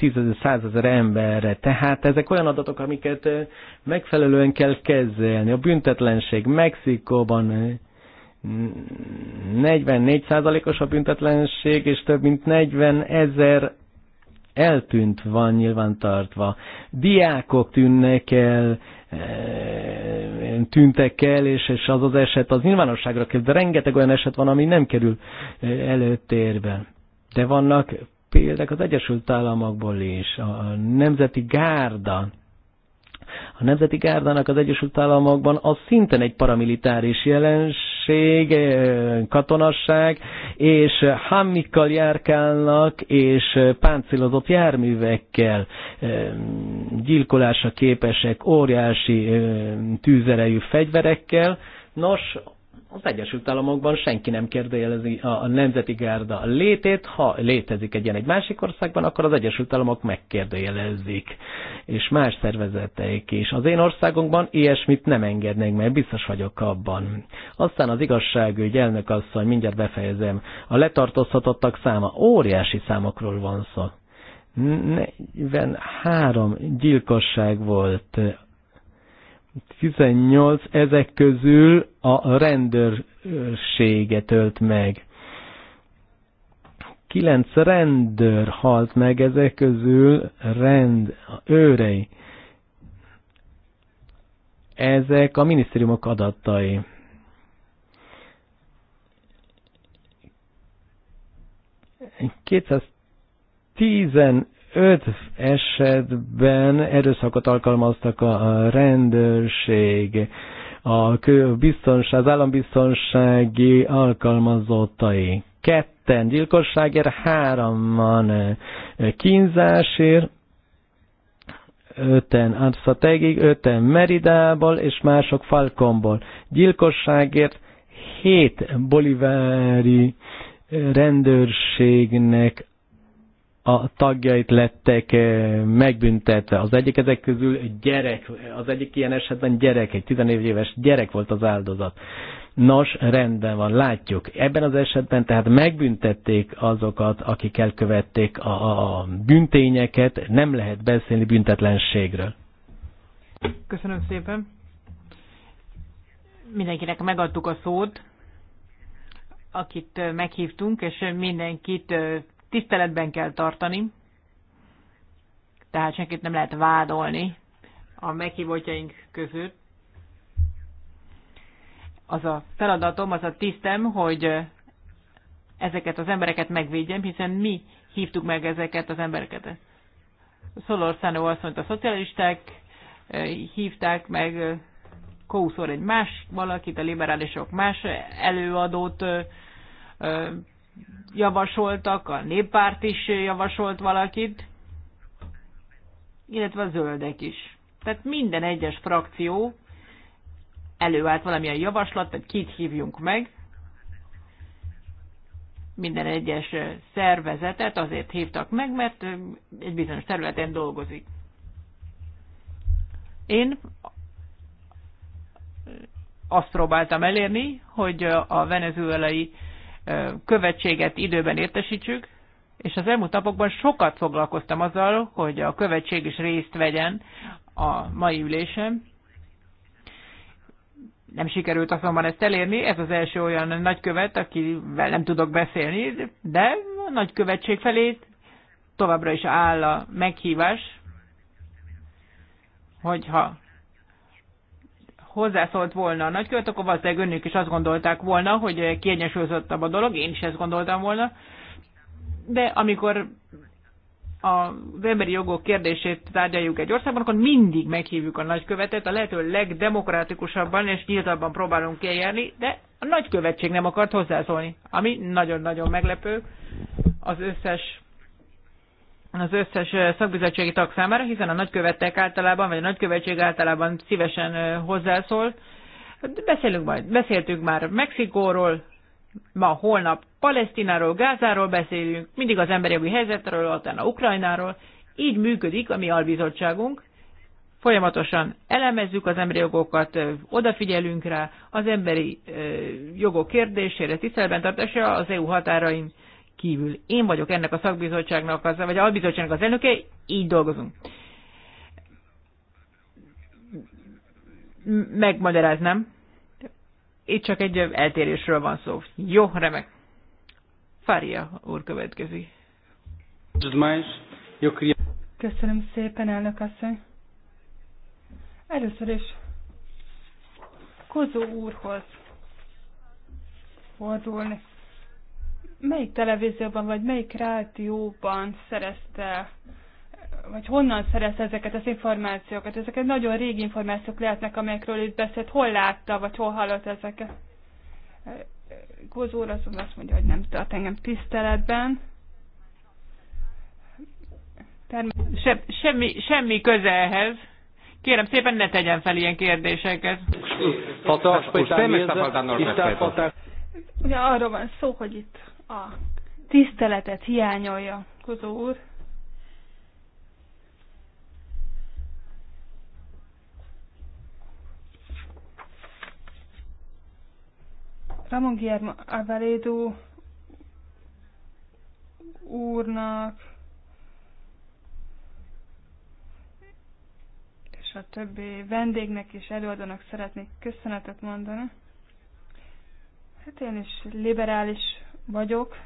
ezer emberre. Tehát ezek olyan adatok, amiket e, megfelelően kell kezelni. A büntetlenség Mexikóban 44%-os a büntetlenség, és több mint 40 ezer eltűnt van nyilvántartva. Diákok tűnnek el, eh, tűntek el, és, az az eset az nyilvánosságra kerül, de rengeteg olyan eset van, ami nem kerül eh, előtérbe. De vannak példák az Egyesült Államokból is, a Nemzeti Gárda, a Nemzeti Gárdának az Egyesült Államokban az szinten egy paramilitáris jelenség, rendőrség, eh, katonasság, és eh, hammikkal járkálnak, és eh, páncélozott járművekkel gyilkolásra képesek, óriási tűzerejű fegyverekkel. Nos, az Egyesült Államokban senki nem kérdőjelezi a Nemzeti Gárda létét, ha létezik egy ilyen egy másik országban, akkor az Egyesült Államok megkérdőjelezik, és más szervezeteik is. Az én országunkban ilyesmit nem engednénk, mert biztos vagyok abban. Aztán az igazságügy elnök asszony, mindjárt befejezem, a letartóztatottak száma, óriási számokról van szó. 43 gyilkosság volt 18 ezek közül a rendőrsége tölt meg. 9 rendőr halt meg ezek közül rend, őrei. Ezek a minisztériumok adatai. Kétszáz öt esetben erőszakot alkalmaztak a rendőrség, a biztonság, az állambiztonsági alkalmazottai. Ketten gyilkosságért, hároman kínzásért, öten Abszategig, öten Meridából és mások Falkomból. Gyilkosságért hét bolivári rendőrségnek a tagjait lettek eh, megbüntetve. Az egyik ezek közül gyerek, az egyik ilyen esetben gyerek, egy 14 éves gyerek volt az áldozat. Nos, rendben van, látjuk. Ebben az esetben tehát megbüntették azokat, akik elkövették a, a büntényeket, nem lehet beszélni büntetlenségről. Köszönöm szépen. Mindenkinek megadtuk a szót, akit eh, meghívtunk, és mindenkit eh, tiszteletben kell tartani, tehát senkit nem lehet vádolni a meghívottjaink között. Az a feladatom, az a tisztem, hogy ezeket az embereket megvédjem, hiszen mi hívtuk meg ezeket az embereket. Szánó azt mondta, a szocialisták eh, hívták meg eh, Kószor egy más valakit, a liberálisok más előadót eh, javasoltak, a néppárt is javasolt valakit, illetve a zöldek is. Tehát minden egyes frakció előállt valamilyen javaslat, tehát kit hívjunk meg, minden egyes szervezetet azért hívtak meg, mert egy bizonyos területen dolgozik. Én azt próbáltam elérni, hogy a venezuelai követséget időben értesítsük, és az elmúlt napokban sokat foglalkoztam azzal, hogy a követség is részt vegyen a mai ülésem. Nem sikerült azonban ezt elérni, ez az első olyan nagykövet, akivel nem tudok beszélni, de a nagykövetség felé továbbra is áll a meghívás, hogyha hozzászólt volna a nagykövet, akkor valószínűleg önök is azt gondolták volna, hogy kiegyensúlyozottabb a dolog, én is ezt gondoltam volna. De amikor az emberi jogok kérdését tárgyaljuk egy országban, akkor mindig meghívjuk a nagykövetet, a lehető legdemokratikusabban és nyíltabban próbálunk eljárni, de a nagykövetség nem akart hozzászólni, ami nagyon-nagyon meglepő. Az összes az összes szakbizottsági tag számára, hiszen a nagykövetek általában, vagy a nagykövetség általában szívesen hozzászól. Beszélünk majd, beszéltünk már Mexikóról, ma, holnap Palesztináról, Gázáról beszélünk, mindig az emberi jogi helyzetről, utána Ukrajnáról. Így működik a mi albizottságunk. Folyamatosan elemezzük az emberi jogokat, odafigyelünk rá, az emberi jogok kérdésére tiszteletben tartása az EU határain kívül. Én vagyok ennek a szakbizottságnak, az, vagy a bizottságnak az elnöke, így dolgozunk. Megmagyaráznám. Itt csak egy eltérésről van szó. Jó, remek. Fária úr következik. Köszönöm szépen, elnök asszony. Először is Kozó úrhoz fordulni melyik televízióban vagy melyik rádióban szerezte, vagy honnan szerezte ezeket az információkat? Ezeket nagyon régi információk lehetnek, amelyekről itt beszélt. Hol látta, vagy hol hallott ezeket? Gózóra azon azt mondja, hogy nem tart engem tiszteletben. Term- Se- semmi, semmi köze ehhez. Kérem szépen, ne tegyen fel ilyen kérdéseket. Ugye arról van szó, hogy itt a tiszteletet hiányolja, Kozó úr. Ramon Guillermo Avaledo úrnak, és a többi vendégnek és előadónak szeretnék köszönetet mondani. Hát én is liberális vagyok.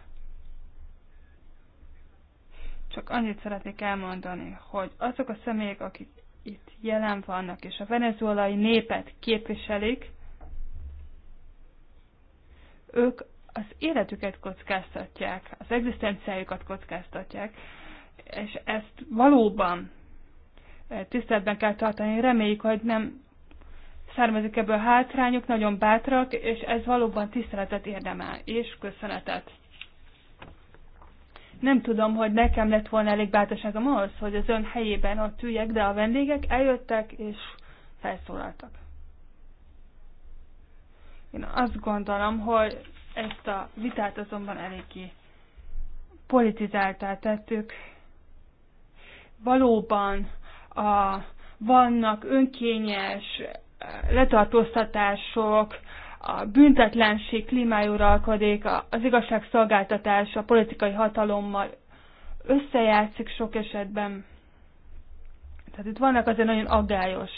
Csak annyit szeretnék elmondani, hogy azok a személyek, akik itt jelen vannak, és a venezuelai népet képviselik, ők az életüket kockáztatják, az egzisztenciájukat kockáztatják, és ezt valóban eh, tiszteletben kell tartani. Reméljük, hogy nem származik ebből a hátrányok, nagyon bátrak, és ez valóban tiszteletet érdemel, és köszönetet. Nem tudom, hogy nekem lett volna elég bátorságom ahhoz, hogy az ön helyében ott üljek, de a vendégek eljöttek, és felszólaltak. Én azt gondolom, hogy ezt a vitát azonban eléggé politizáltá tettük. Valóban a, vannak önkényes letartóztatások, a büntetlenség klímája uralkodik, az igazságszolgáltatás a politikai hatalommal összejátszik sok esetben. Tehát itt vannak azért nagyon aggályos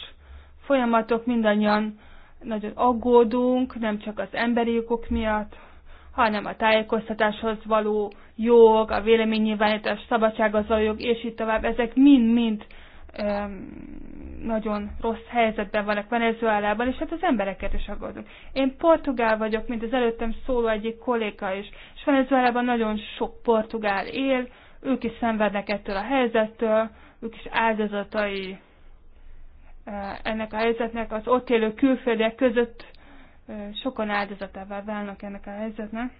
folyamatok, mindannyian nagyon aggódunk, nem csak az emberi jogok miatt, hanem a tájékoztatáshoz való jog, a véleménynyilvánítás szabadsághoz való jog, és így tovább. Ezek mind-mind nagyon rossz helyzetben vannak Venezuelában, és hát az embereket is aggódunk. Én portugál vagyok, mint az előttem szóló egyik kolléga is, és Venezuelában nagyon sok portugál él, ők is szenvednek ettől a helyzettől, ők is áldozatai e, ennek a helyzetnek, az ott élő külföldiek között e, sokan áldozatává válnak ennek a helyzetnek.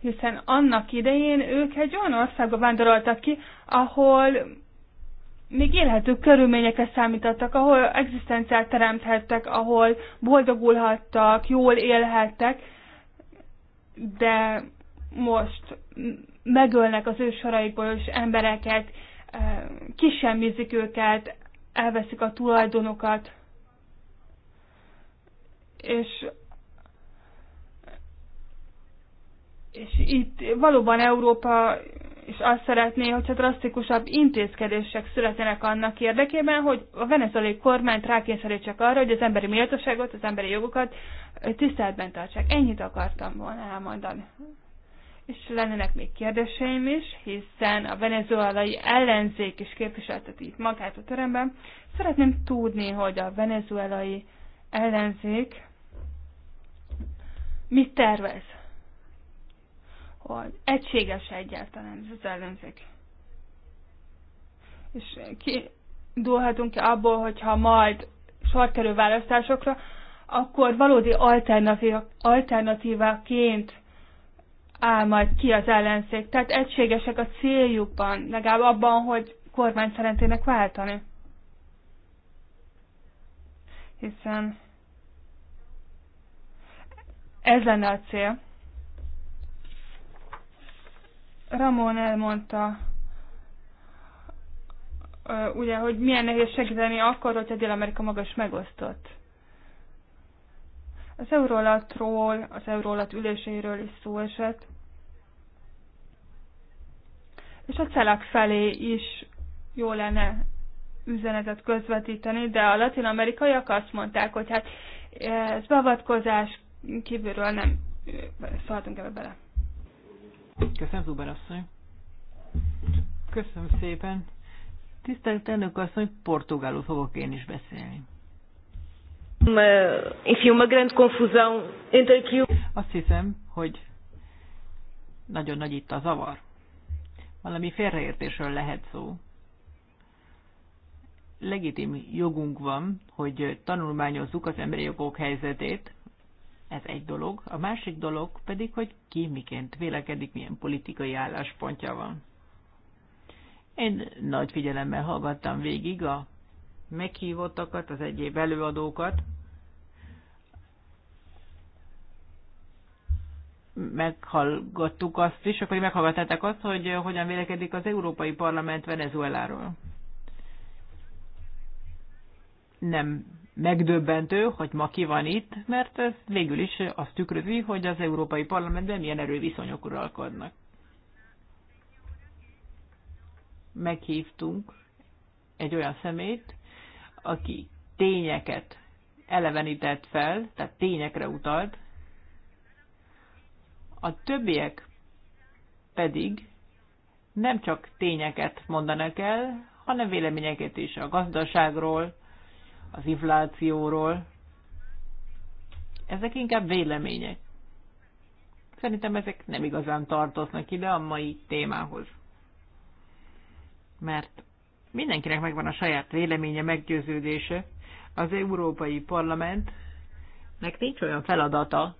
Hiszen annak idején ők egy olyan országba vándoroltak ki, ahol még élhető körülményekre számítottak, ahol egzisztenciát teremthettek, ahol boldogulhattak, jól élhettek, de most megölnek az ő soraikból is embereket, eh, kisemmizik őket, elveszik a tulajdonokat, és és itt valóban Európa és azt szeretné, hogyha drasztikusabb intézkedések születnének annak érdekében, hogy a venezuelai kormányt rákényszerítsek arra, hogy az emberi méltóságot, az emberi jogokat tiszteletben tartsák. Ennyit akartam volna elmondani. És lennének még kérdéseim is, hiszen a venezuelai ellenzék is képviselteti itt magát a teremben. Szeretném tudni, hogy a venezuelai ellenzék mit tervez hogy egységes egyáltalán ez az ellenzék. És kidulhatunk ki abból, hogyha majd sor kerül választásokra, akkor valódi alternatívaként áll majd ki az ellenzék. Tehát egységesek a céljukban, legalább abban, hogy kormány szeretnének váltani. Hiszen ez lenne a cél. Ramon elmondta, ugye, hogy milyen nehéz segíteni akkor, hogyha Dél-Amerika magas megosztott. Az Eurolatról, az Eurolat üléséről is szó esett. És a celák felé is jó lenne üzenetet közvetíteni, de a latin-amerikaiak azt mondták, hogy hát ez beavatkozás, kívülről nem szaladunk ebbe bele. Köszönöm, Zuber asszony. Köszönöm szépen. Tisztelt elnök asszony, portugálul fogok én is beszélni. Uma, enfim, uma grande confusão entre aquilo... E Azt hiszem, hogy nagyon nagy itt a zavar. Valami félreértésről lehet szó. Legitim jogunk van, hogy tanulmányozzuk az emberi jogok helyzetét, ez egy dolog. A másik dolog pedig, hogy ki miként vélekedik, milyen politikai álláspontja van. Én nagy figyelemmel hallgattam végig a meghívottakat, az egyéb előadókat, meghallgattuk azt is, akkor meghallgatták azt, hogy hogyan vélekedik az Európai Parlament Venezueláról. Nem megdöbbentő, hogy ma ki van itt, mert ez végül is azt tükrözi, hogy az Európai Parlamentben milyen erőviszonyok uralkodnak. Meghívtunk egy olyan szemét, aki tényeket elevenített fel, tehát tényekre utalt, a többiek pedig nem csak tényeket mondanak el, hanem véleményeket is a gazdaságról, az inflációról. Ezek inkább vélemények. Szerintem ezek nem igazán tartoznak ide a mai témához. Mert mindenkinek megvan a saját véleménye, meggyőződése. Az Európai Parlamentnek nincs olyan feladata,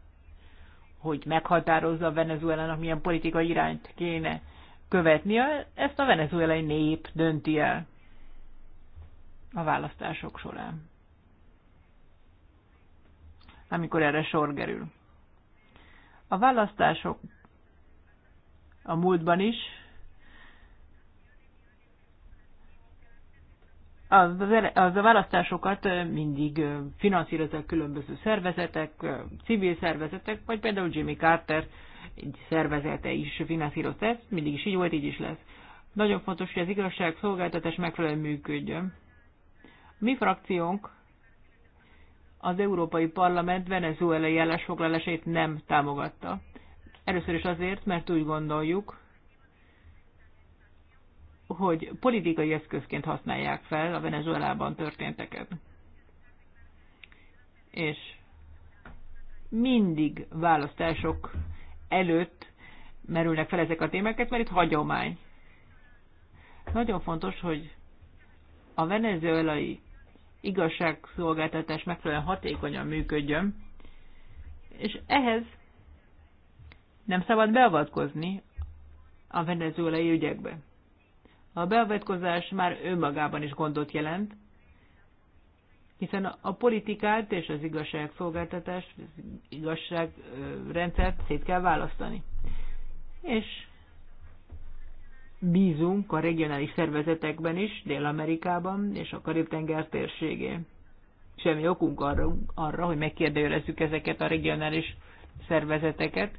hogy meghatározza a Venezuelának milyen politikai irányt kéne követnie, ezt a venezuelai nép dönti el a választások során, amikor erre sor kerül. A választások a múltban is az, a választásokat mindig finanszíroznak különböző szervezetek, civil szervezetek, vagy például Jimmy Carter egy szervezete is finanszírozta ezt, mindig is így volt, így is lesz. Nagyon fontos, hogy az igazságszolgáltatás megfelelően működjön. Mi frakciónk az Európai Parlament venezuelai állásfoglalásait nem támogatta. Először is azért, mert úgy gondoljuk, hogy politikai eszközként használják fel a Venezuelában történteket. És mindig választások előtt merülnek fel ezek a témákat, mert itt hagyomány. Nagyon fontos, hogy a venezuelai igazságszolgáltatás megfelelően hatékonyan működjön, és ehhez nem szabad beavatkozni a venezuelai ügyekbe. A beavatkozás már önmagában is gondot jelent, hiszen a politikát és az igazságszolgáltatást, az igazságrendszert szét kell választani. És bízunk a regionális szervezetekben is, Dél-Amerikában és a Karib-tenger térségén. Semmi okunk arra, arra hogy megkérdőjelezzük ezeket a regionális szervezeteket.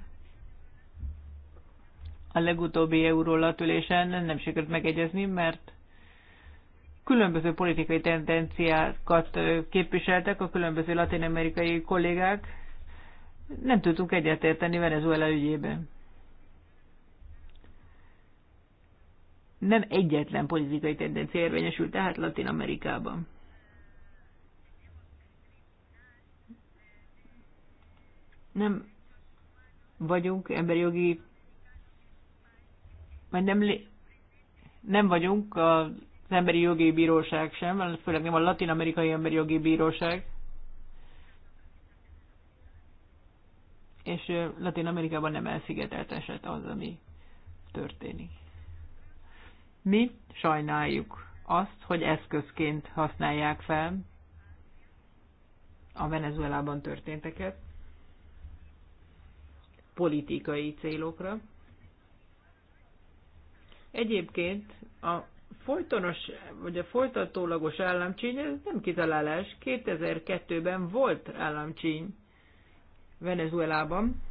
A legutóbbi eurólatülésen nem sikerült megegyezni, mert különböző politikai tendenciákat képviseltek a különböző latin-amerikai kollégák. Nem tudtunk egyetérteni Venezuela ügyében. nem egyetlen politikai tendencia érvényesül, tehát Latin Amerikában. Nem vagyunk emberi jogi, mert nem, nem vagyunk az emberi jogi bíróság sem, főleg nem a latin amerikai emberi jogi bíróság. És Latin Amerikában nem elszigetelt eset az, ami történik. Mi sajnáljuk azt, hogy eszközként használják fel a Venezuelában történteket politikai célokra. Egyébként a folytonos, vagy a folytatólagos államcsíny, ez nem kitalálás, 2002-ben volt államcsíny Venezuelában,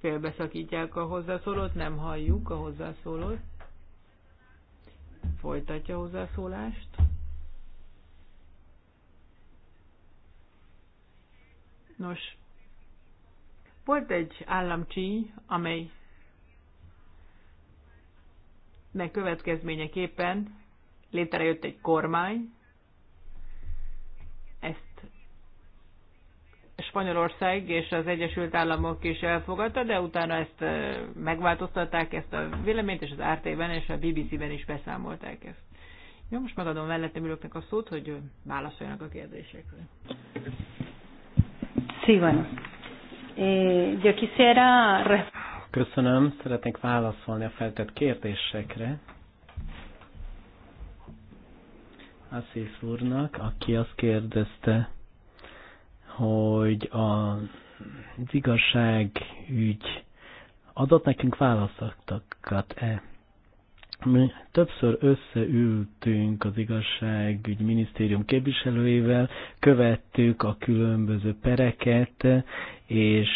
Félbeszakítják a hozzászólót, nem halljuk a hozzászólót. Folytatja a hozzászólást. Nos, volt egy államcsí, amely nek következményeképpen létrejött egy kormány, Spanyolország és az Egyesült Államok is elfogadta, de utána ezt megváltoztatták, ezt a véleményt, és az RT-ben és a BBC-ben is beszámolták ezt. Jó, most megadom mellettem ülőknek a szót, hogy válaszoljanak a kérdésekre. Sí, bueno. Eh, yo quisiera... Köszönöm, szeretnék válaszolni a feltett kérdésekre. Assis úrnak, aki azt kérdezte, hogy a az ügy adott nekünk választottakat e Mi többször összeültünk az igazságügy minisztérium képviselőivel, követtük a különböző pereket, és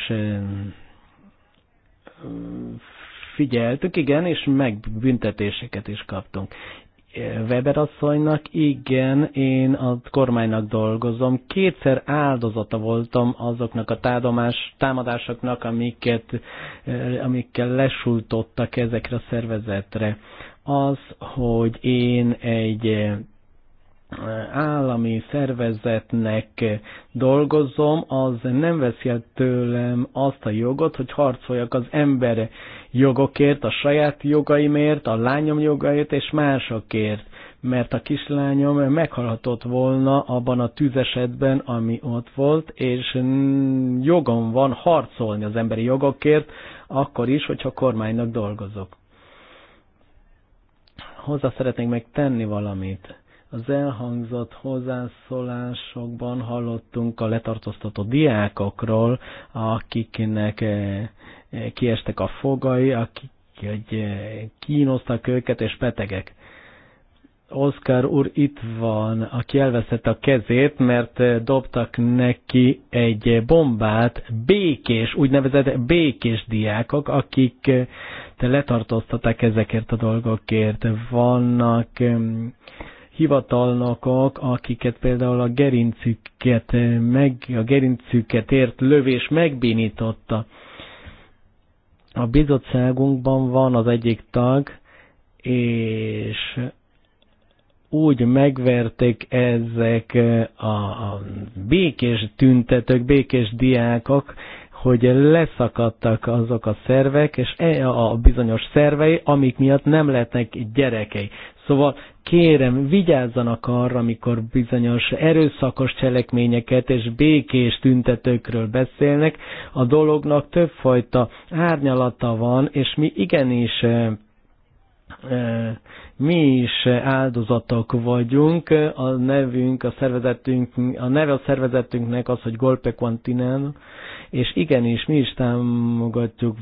figyeltük, igen, és megbüntetéseket is kaptunk. Weber asszonynak, igen, én a kormánynak dolgozom. Kétszer áldozata voltam azoknak a tádomás, támadásoknak, amiket, eh, amikkel lesultottak ezekre a szervezetre. Az, hogy én egy eh, állami szervezetnek dolgozom, az nem veszi el tőlem azt a jogot, hogy harcoljak az ember jogokért, a saját jogaimért, a lányom jogait és másokért. Mert a kislányom meghalhatott volna abban a tűzesetben, ami ott volt, és jogom van harcolni az emberi jogokért, akkor is, hogyha kormánynak dolgozok. Hozzá szeretnék megtenni tenni valamit az elhangzott hozzászólásokban hallottunk a letartóztatott diákokról, akiknek eh, eh, kiestek a fogai, akik hogy eh, kínoztak őket, és betegek. Oszkár úr itt van, aki elveszett a kezét, mert dobtak neki egy bombát békés, úgynevezett békés diákok, akik letartóztatták ezekért a dolgokért. Vannak hivatalnokok, akiket például a gerincüket, meg, a gerincüket ért lövés megbínította. A bizottságunkban van az egyik tag, és úgy megverték ezek a békés tüntetők, békés diákok, hogy leszakadtak azok a szervek, és e a bizonyos szervei, amik miatt nem lehetnek gyerekei. Szóval kérem, vigyázzanak arra, amikor bizonyos erőszakos cselekményeket és békés tüntetőkről beszélnek. A dolognak többfajta árnyalata van, és mi igenis eh, eh, mi is áldozatok vagyunk, a nevünk, a szervezetünk, a neve a szervezetünknek az, hogy Golpe Quantinen, és igenis mi is támogatjuk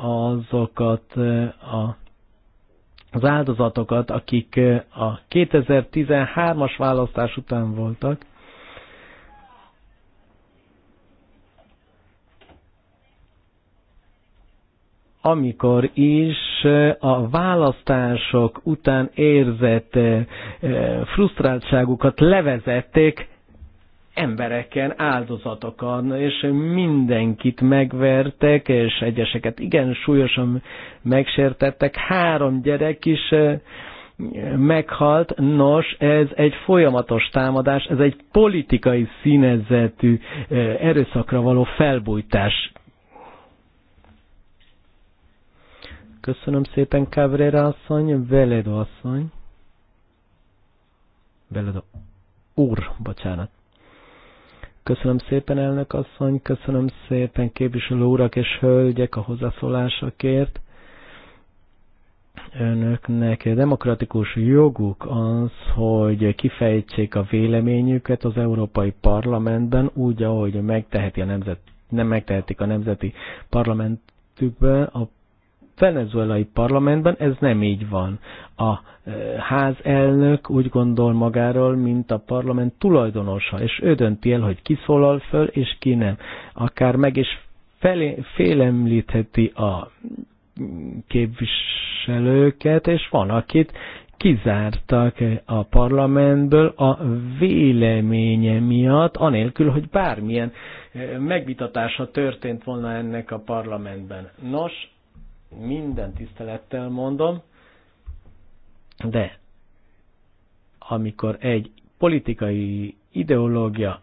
azokat eh, a az áldozatokat, akik a 2013-as választás után voltak, amikor is a választások után érzett frusztráltságukat levezették embereken, áldozatokon, és mindenkit megvertek, és egyeseket igen súlyosan megsértettek. Három gyerek is meghalt. Nos, ez egy folyamatos támadás, ez egy politikai színezetű erőszakra való felbújtás. Köszönöm szépen, Cabrera asszony, Veledo asszony. Veledo úr, bocsánat. Köszönöm szépen, elnök asszony, köszönöm szépen képviselő urak és hölgyek a hozzászólásokért. Önöknek demokratikus joguk az, hogy kifejtsék a véleményüket az Európai Parlamentben úgy, ahogy megteheti a nemzet, nem megtehetik a nemzeti parlamentükben, a venezuelai parlamentben ez nem így van. A eh, házelnök úgy gondol magáról, mint a parlament tulajdonosa, és ő dönti el, hogy ki szólal föl, és ki nem. Akár meg is felé, félemlítheti a képviselőket, és van, akit kizártak a parlamentből a véleménye miatt, anélkül, hogy bármilyen eh, megvitatása történt volna ennek a parlamentben. Nos, minden tisztelettel mondom, de amikor egy politikai ideológia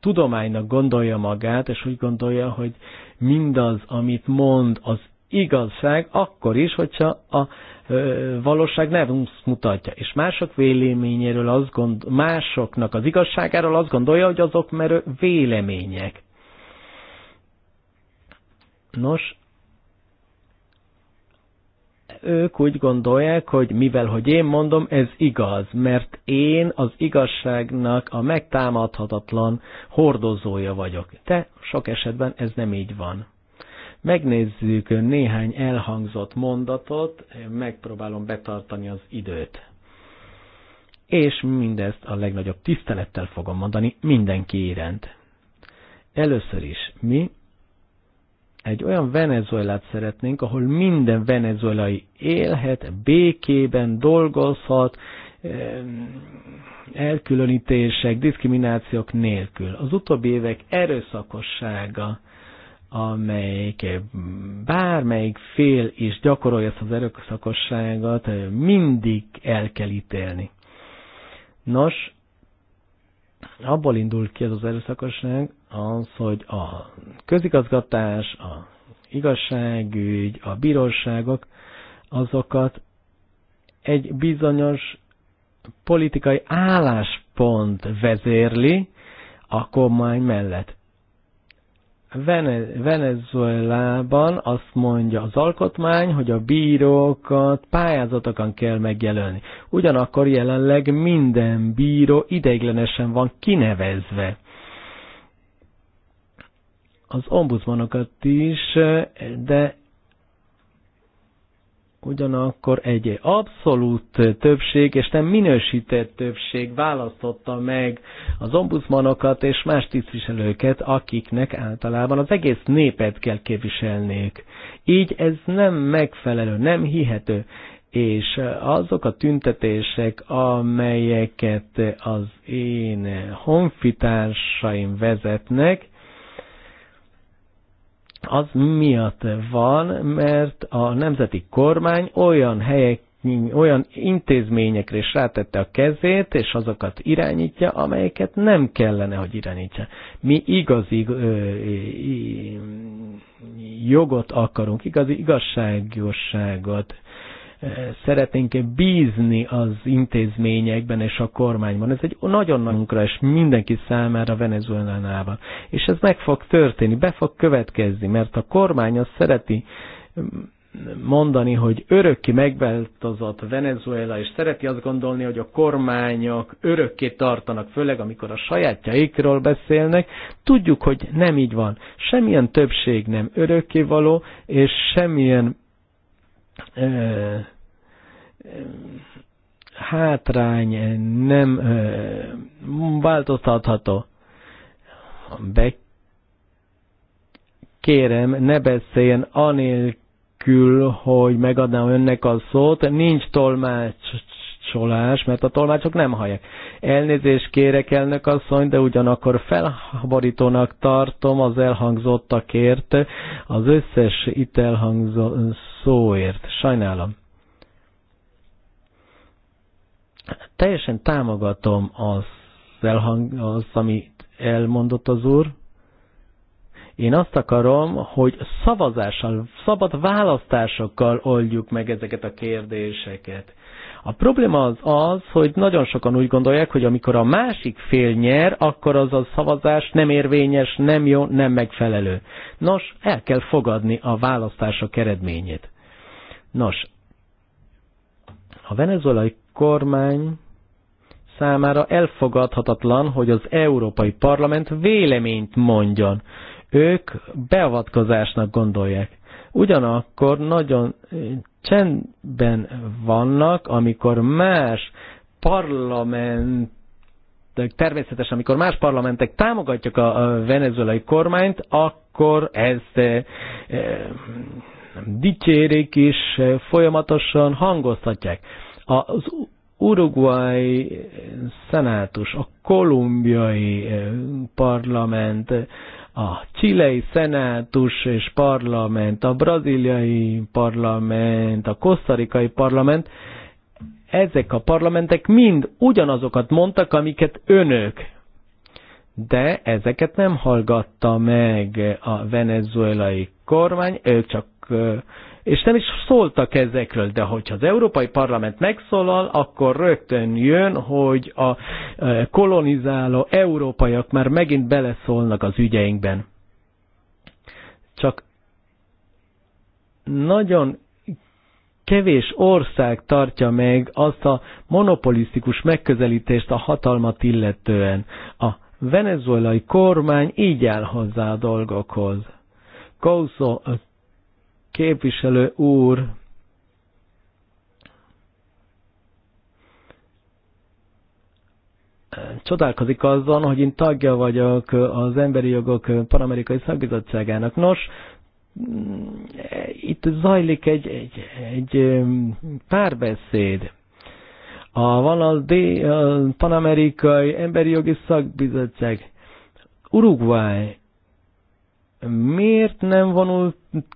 tudománynak gondolja magát, és úgy gondolja, hogy mindaz, amit mond, az igazság, akkor is, hogyha a ö, valóság nem mutatja. És mások véleményéről azt gond, másoknak az igazságáról azt gondolja, hogy azok merő vélemények. Nos, ők úgy gondolják, hogy mivel, hogy én mondom, ez igaz, mert én az igazságnak a megtámadhatatlan hordozója vagyok. De sok esetben ez nem így van. Megnézzük néhány elhangzott mondatot, megpróbálom betartani az időt. És mindezt a legnagyobb tisztelettel fogom mondani mindenki iránt. Először is mi egy olyan Venezuelát szeretnénk, ahol minden venezuelai élhet, békében dolgozhat, elkülönítések, diszkriminációk nélkül. Az utóbbi évek erőszakossága, amelyik bármelyik fél is gyakorolja ezt az erőszakosságot, mindig el kell ítélni. Nos, abból indul ki ez az erőszakosság, az, hogy a közigazgatás, a igazságügy, a bíróságok, azokat egy bizonyos politikai álláspont vezérli a kormány mellett. Venezuelában azt mondja az alkotmány, hogy a bírókat pályázatokon kell megjelölni. Ugyanakkor jelenleg minden bíró ideiglenesen van kinevezve. Az ombudsmanokat is, de Ugyanakkor egy abszolút többség, és nem minősített többség választotta meg az ombudsmanokat és más tisztviselőket, akiknek általában az egész népet kell képviselnék. Így ez nem megfelelő, nem hihető és azok a tüntetések, amelyeket az én honfitársaim vezetnek, az miatt van, mert a nemzeti kormány olyan helyek olyan intézményekre is rátette a kezét, és azokat irányítja, amelyeket nem kellene, hogy irányítsa. Mi igazi ö, jogot akarunk, igazi igazságosságot szeretnénk bízni az intézményekben és a kormányban. Ez egy nagyon nagyunkra és mindenki számára Venezuelánában. És ez meg fog történni, be fog következni, mert a kormány azt szereti mm, mondani, hogy örökké megváltozott Venezuela, és szereti azt gondolni, hogy a kormányok örökké tartanak, főleg amikor a sajátjaikról beszélnek. Tudjuk, hogy nem így van. Semmilyen többség nem örökké való, és semmilyen hátrány nem változtatható. Be kérem, ne beszéljen anélkül, hogy megadnám önnek a szót, nincs tolmács tolmácsolás, mert a tolmácsok nem hallják. Elnézést kérek elnök asszony, de ugyanakkor felborítónak tartom az elhangzottakért, az összes itt elhangzó szóért. Sajnálom. Teljesen támogatom az, elhang, az amit elmondott az úr, én azt akarom, hogy szavazással, szabad választásokkal oldjuk meg ezeket a kérdéseket. A probléma az az, hogy nagyon sokan úgy gondolják, hogy amikor a másik fél nyer, akkor az a szavazás nem érvényes, nem jó, nem megfelelő. Nos, el kell fogadni a választások eredményét. Nos, a venezuelai kormány számára elfogadhatatlan, hogy az Európai Parlament véleményt mondjon. Ők beavatkozásnak gondolják. Ugyanakkor nagyon eh, csendben vannak, amikor más parlament természetesen, amikor más parlamentek támogatják a venezuelai kormányt, akkor ez e, e, dicsérik is, folyamatosan hangoztatják. Az uruguai szenátus, a kolumbiai parlament, a csilei szenátus és parlament, a braziliai parlament, a kosztarikai parlament, ezek a parlamentek mind ugyanazokat mondtak, amiket önök. De ezeket nem hallgatta meg a venezuelai kormány, ők csak és nem is szóltak ezekről, de hogyha az Európai Parlament megszólal, akkor rögtön jön, hogy a e, kolonizáló európaiak már megint beleszólnak az ügyeinkben. Csak nagyon kevés ország tartja meg azt a monopolisztikus megközelítést a hatalmat illetően. A venezuelai kormány így áll hozzá a dolgokhoz. Képviselő úr, csodálkozik azon, hogy én tagja vagyok az Emberi Jogok Panamerikai Szakbizottságának. Nos, itt zajlik egy, egy, egy párbeszéd. A, van az D, a Panamerikai Emberi Jogi Szakbizottság, Uruguay, miért nem vonul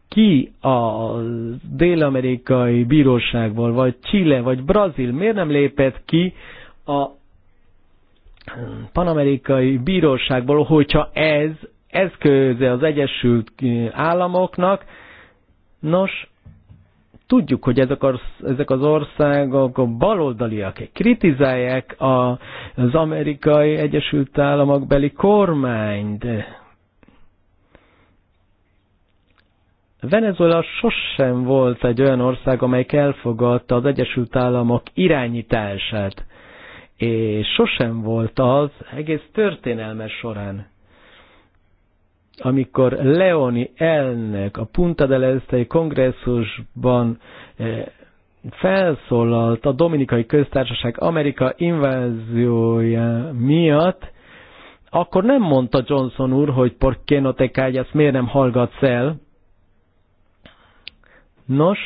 ki a dél-amerikai bíróságból, vagy Chile, vagy Brazil, miért nem lépett ki a panamerikai bíróságból, hogyha ez eszköze az Egyesült Államoknak, nos, tudjuk, hogy ezek, az, ezek az országok a baloldaliak kritizálják a, az amerikai Egyesült Államok beli kormányt, Venezuela sosem volt egy olyan ország, amely elfogadta az Egyesült Államok irányítását, és sosem volt az egész történelme során. Amikor Leoni elnök a Punta del Este kongresszusban eh, felszólalt a Dominikai Köztársaság Amerika inváziója miatt, akkor nem mondta Johnson úr, hogy por qué no te callas, miért nem hallgatsz el, Nos,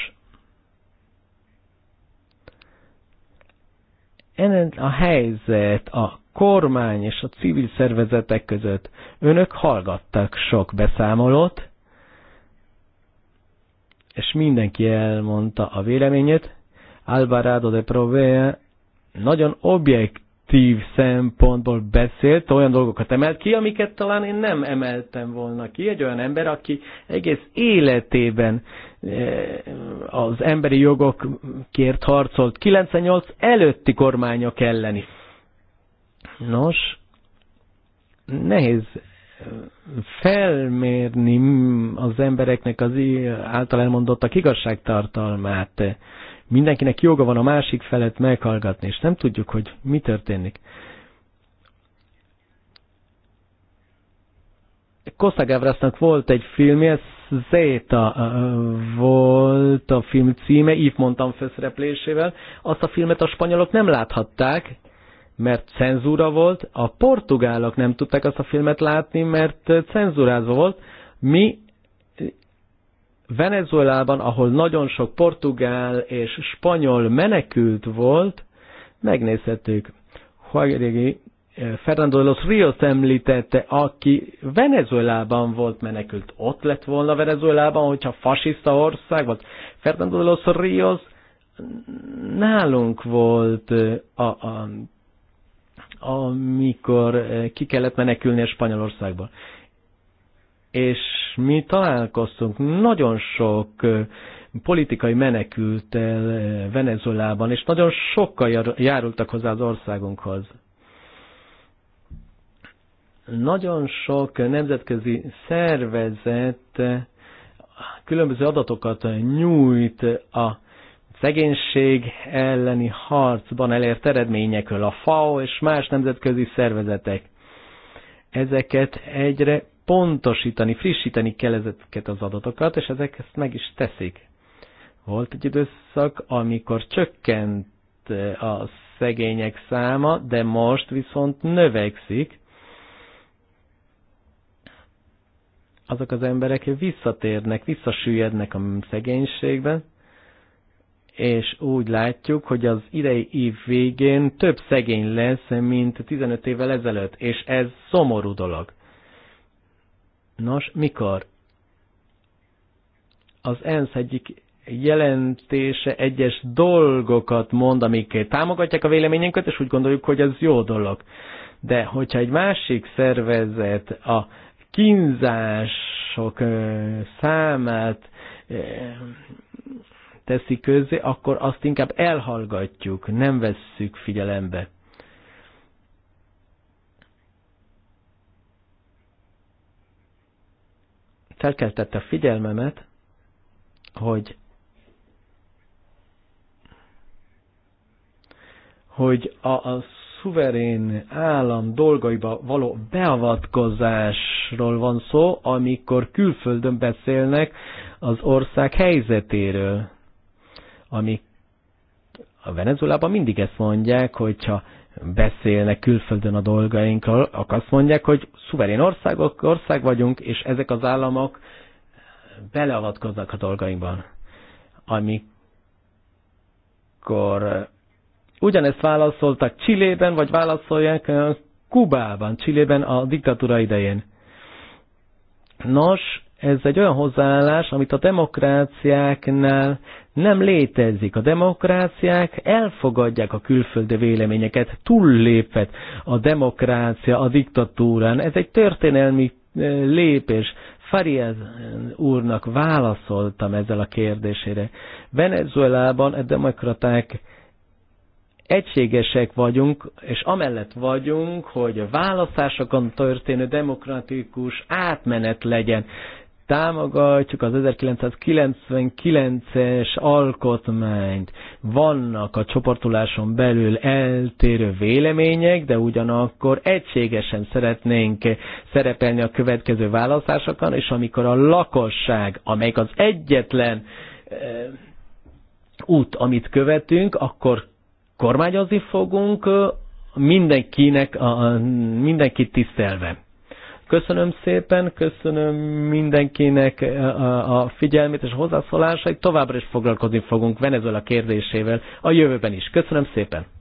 ennek a helyzet a kormány és a civil szervezetek között. Önök hallgattak sok beszámolót, és mindenki elmondta a véleményét. Alvarado de Provea nagyon objektív szempontból beszélt, olyan dolgokat emelt ki, amiket talán én nem emeltem volna ki. Egy olyan ember, aki egész életében az emberi jogokért harcolt 98 előtti kormányok elleni. Nos, nehéz felmérni az embereknek az által elmondottak igazságtartalmát. Mindenkinek joga van a másik felet meghallgatni, és nem tudjuk, hogy mi történik. Kosszagábrásznak volt egy filmje, Zeta volt a film címe, így mondtam főszereplésével. Azt a filmet a spanyolok nem láthatták, mert cenzúra volt, a portugálok nem tudták azt a filmet látni, mert cenzúrázva volt. Mi Venezuelában, ahol nagyon sok portugál és spanyol menekült volt, megnézhetők. Huagregi Fernando de los Rios említette, aki Venezuelában volt menekült. Ott lett volna Venezuelában, hogyha fasiszta ország volt. Fernando de los Rios nálunk volt, a, a, amikor ki kellett menekülni a Spanyolországból. És mi találkoztunk nagyon sok politikai menekültel Venezuelában, és nagyon sokkal járultak hozzá az országunkhoz nagyon sok nemzetközi szervezet különböző adatokat nyújt a szegénység elleni harcban elért eredményekről, a FAO és más nemzetközi szervezetek. Ezeket egyre pontosítani, frissíteni kell ezeket az adatokat, és ezek ezt meg is teszik. Volt egy időszak, amikor csökkent a szegények száma, de most viszont növekszik, azok az emberek visszatérnek, visszasüllyednek a szegénységbe, és úgy látjuk, hogy az idei év végén több szegény lesz, mint 15 évvel ezelőtt, és ez szomorú dolog. Nos, mikor? Az ENSZ egyik jelentése egyes dolgokat mond, amik támogatják a véleményünket, és úgy gondoljuk, hogy ez jó dolog. De hogyha egy másik szervezet a kínzások számát teszi közzé, akkor azt inkább elhallgatjuk, nem vesszük figyelembe. Felkeltette a figyelmemet, hogy hogy a, a szuverén állam dolgaiba való beavatkozásról van szó, amikor külföldön beszélnek az ország helyzetéről. Ami a Venezuelában mindig ezt mondják, hogyha beszélnek külföldön a dolgainkról, akkor azt mondják, hogy szuverén országok, ország vagyunk, és ezek az államok beleavatkoznak a dolgainkban. Amikor Ugyanezt válaszoltak Csillében, vagy válaszolják eh, Kubában, Csillében a diktatúra idején. Nos, ez egy olyan hozzáállás, amit a demokráciáknál nem létezik. A demokráciák elfogadják a külföldi véleményeket, túllépett a demokrácia a diktatúrán. Ez egy történelmi eh, lépés. Farias eh, úrnak válaszoltam ezzel a kérdésére. Venezuelában a demokraták egységesek vagyunk, és amellett vagyunk, hogy a választásokon történő demokratikus átmenet legyen. Támogatjuk az 1999-es alkotmányt. Vannak a csoportuláson belül eltérő vélemények, de ugyanakkor egységesen szeretnénk szerepelni a következő választásokon, és amikor a lakosság, amelyik az egyetlen eh, út, amit követünk, akkor kormányozni fogunk mindenkinek, a, mindenkit tisztelve. Köszönöm szépen, köszönöm mindenkinek a figyelmét és a hozzászólásait. Továbbra is foglalkozni fogunk Venezuela kérdésével a jövőben is. Köszönöm szépen!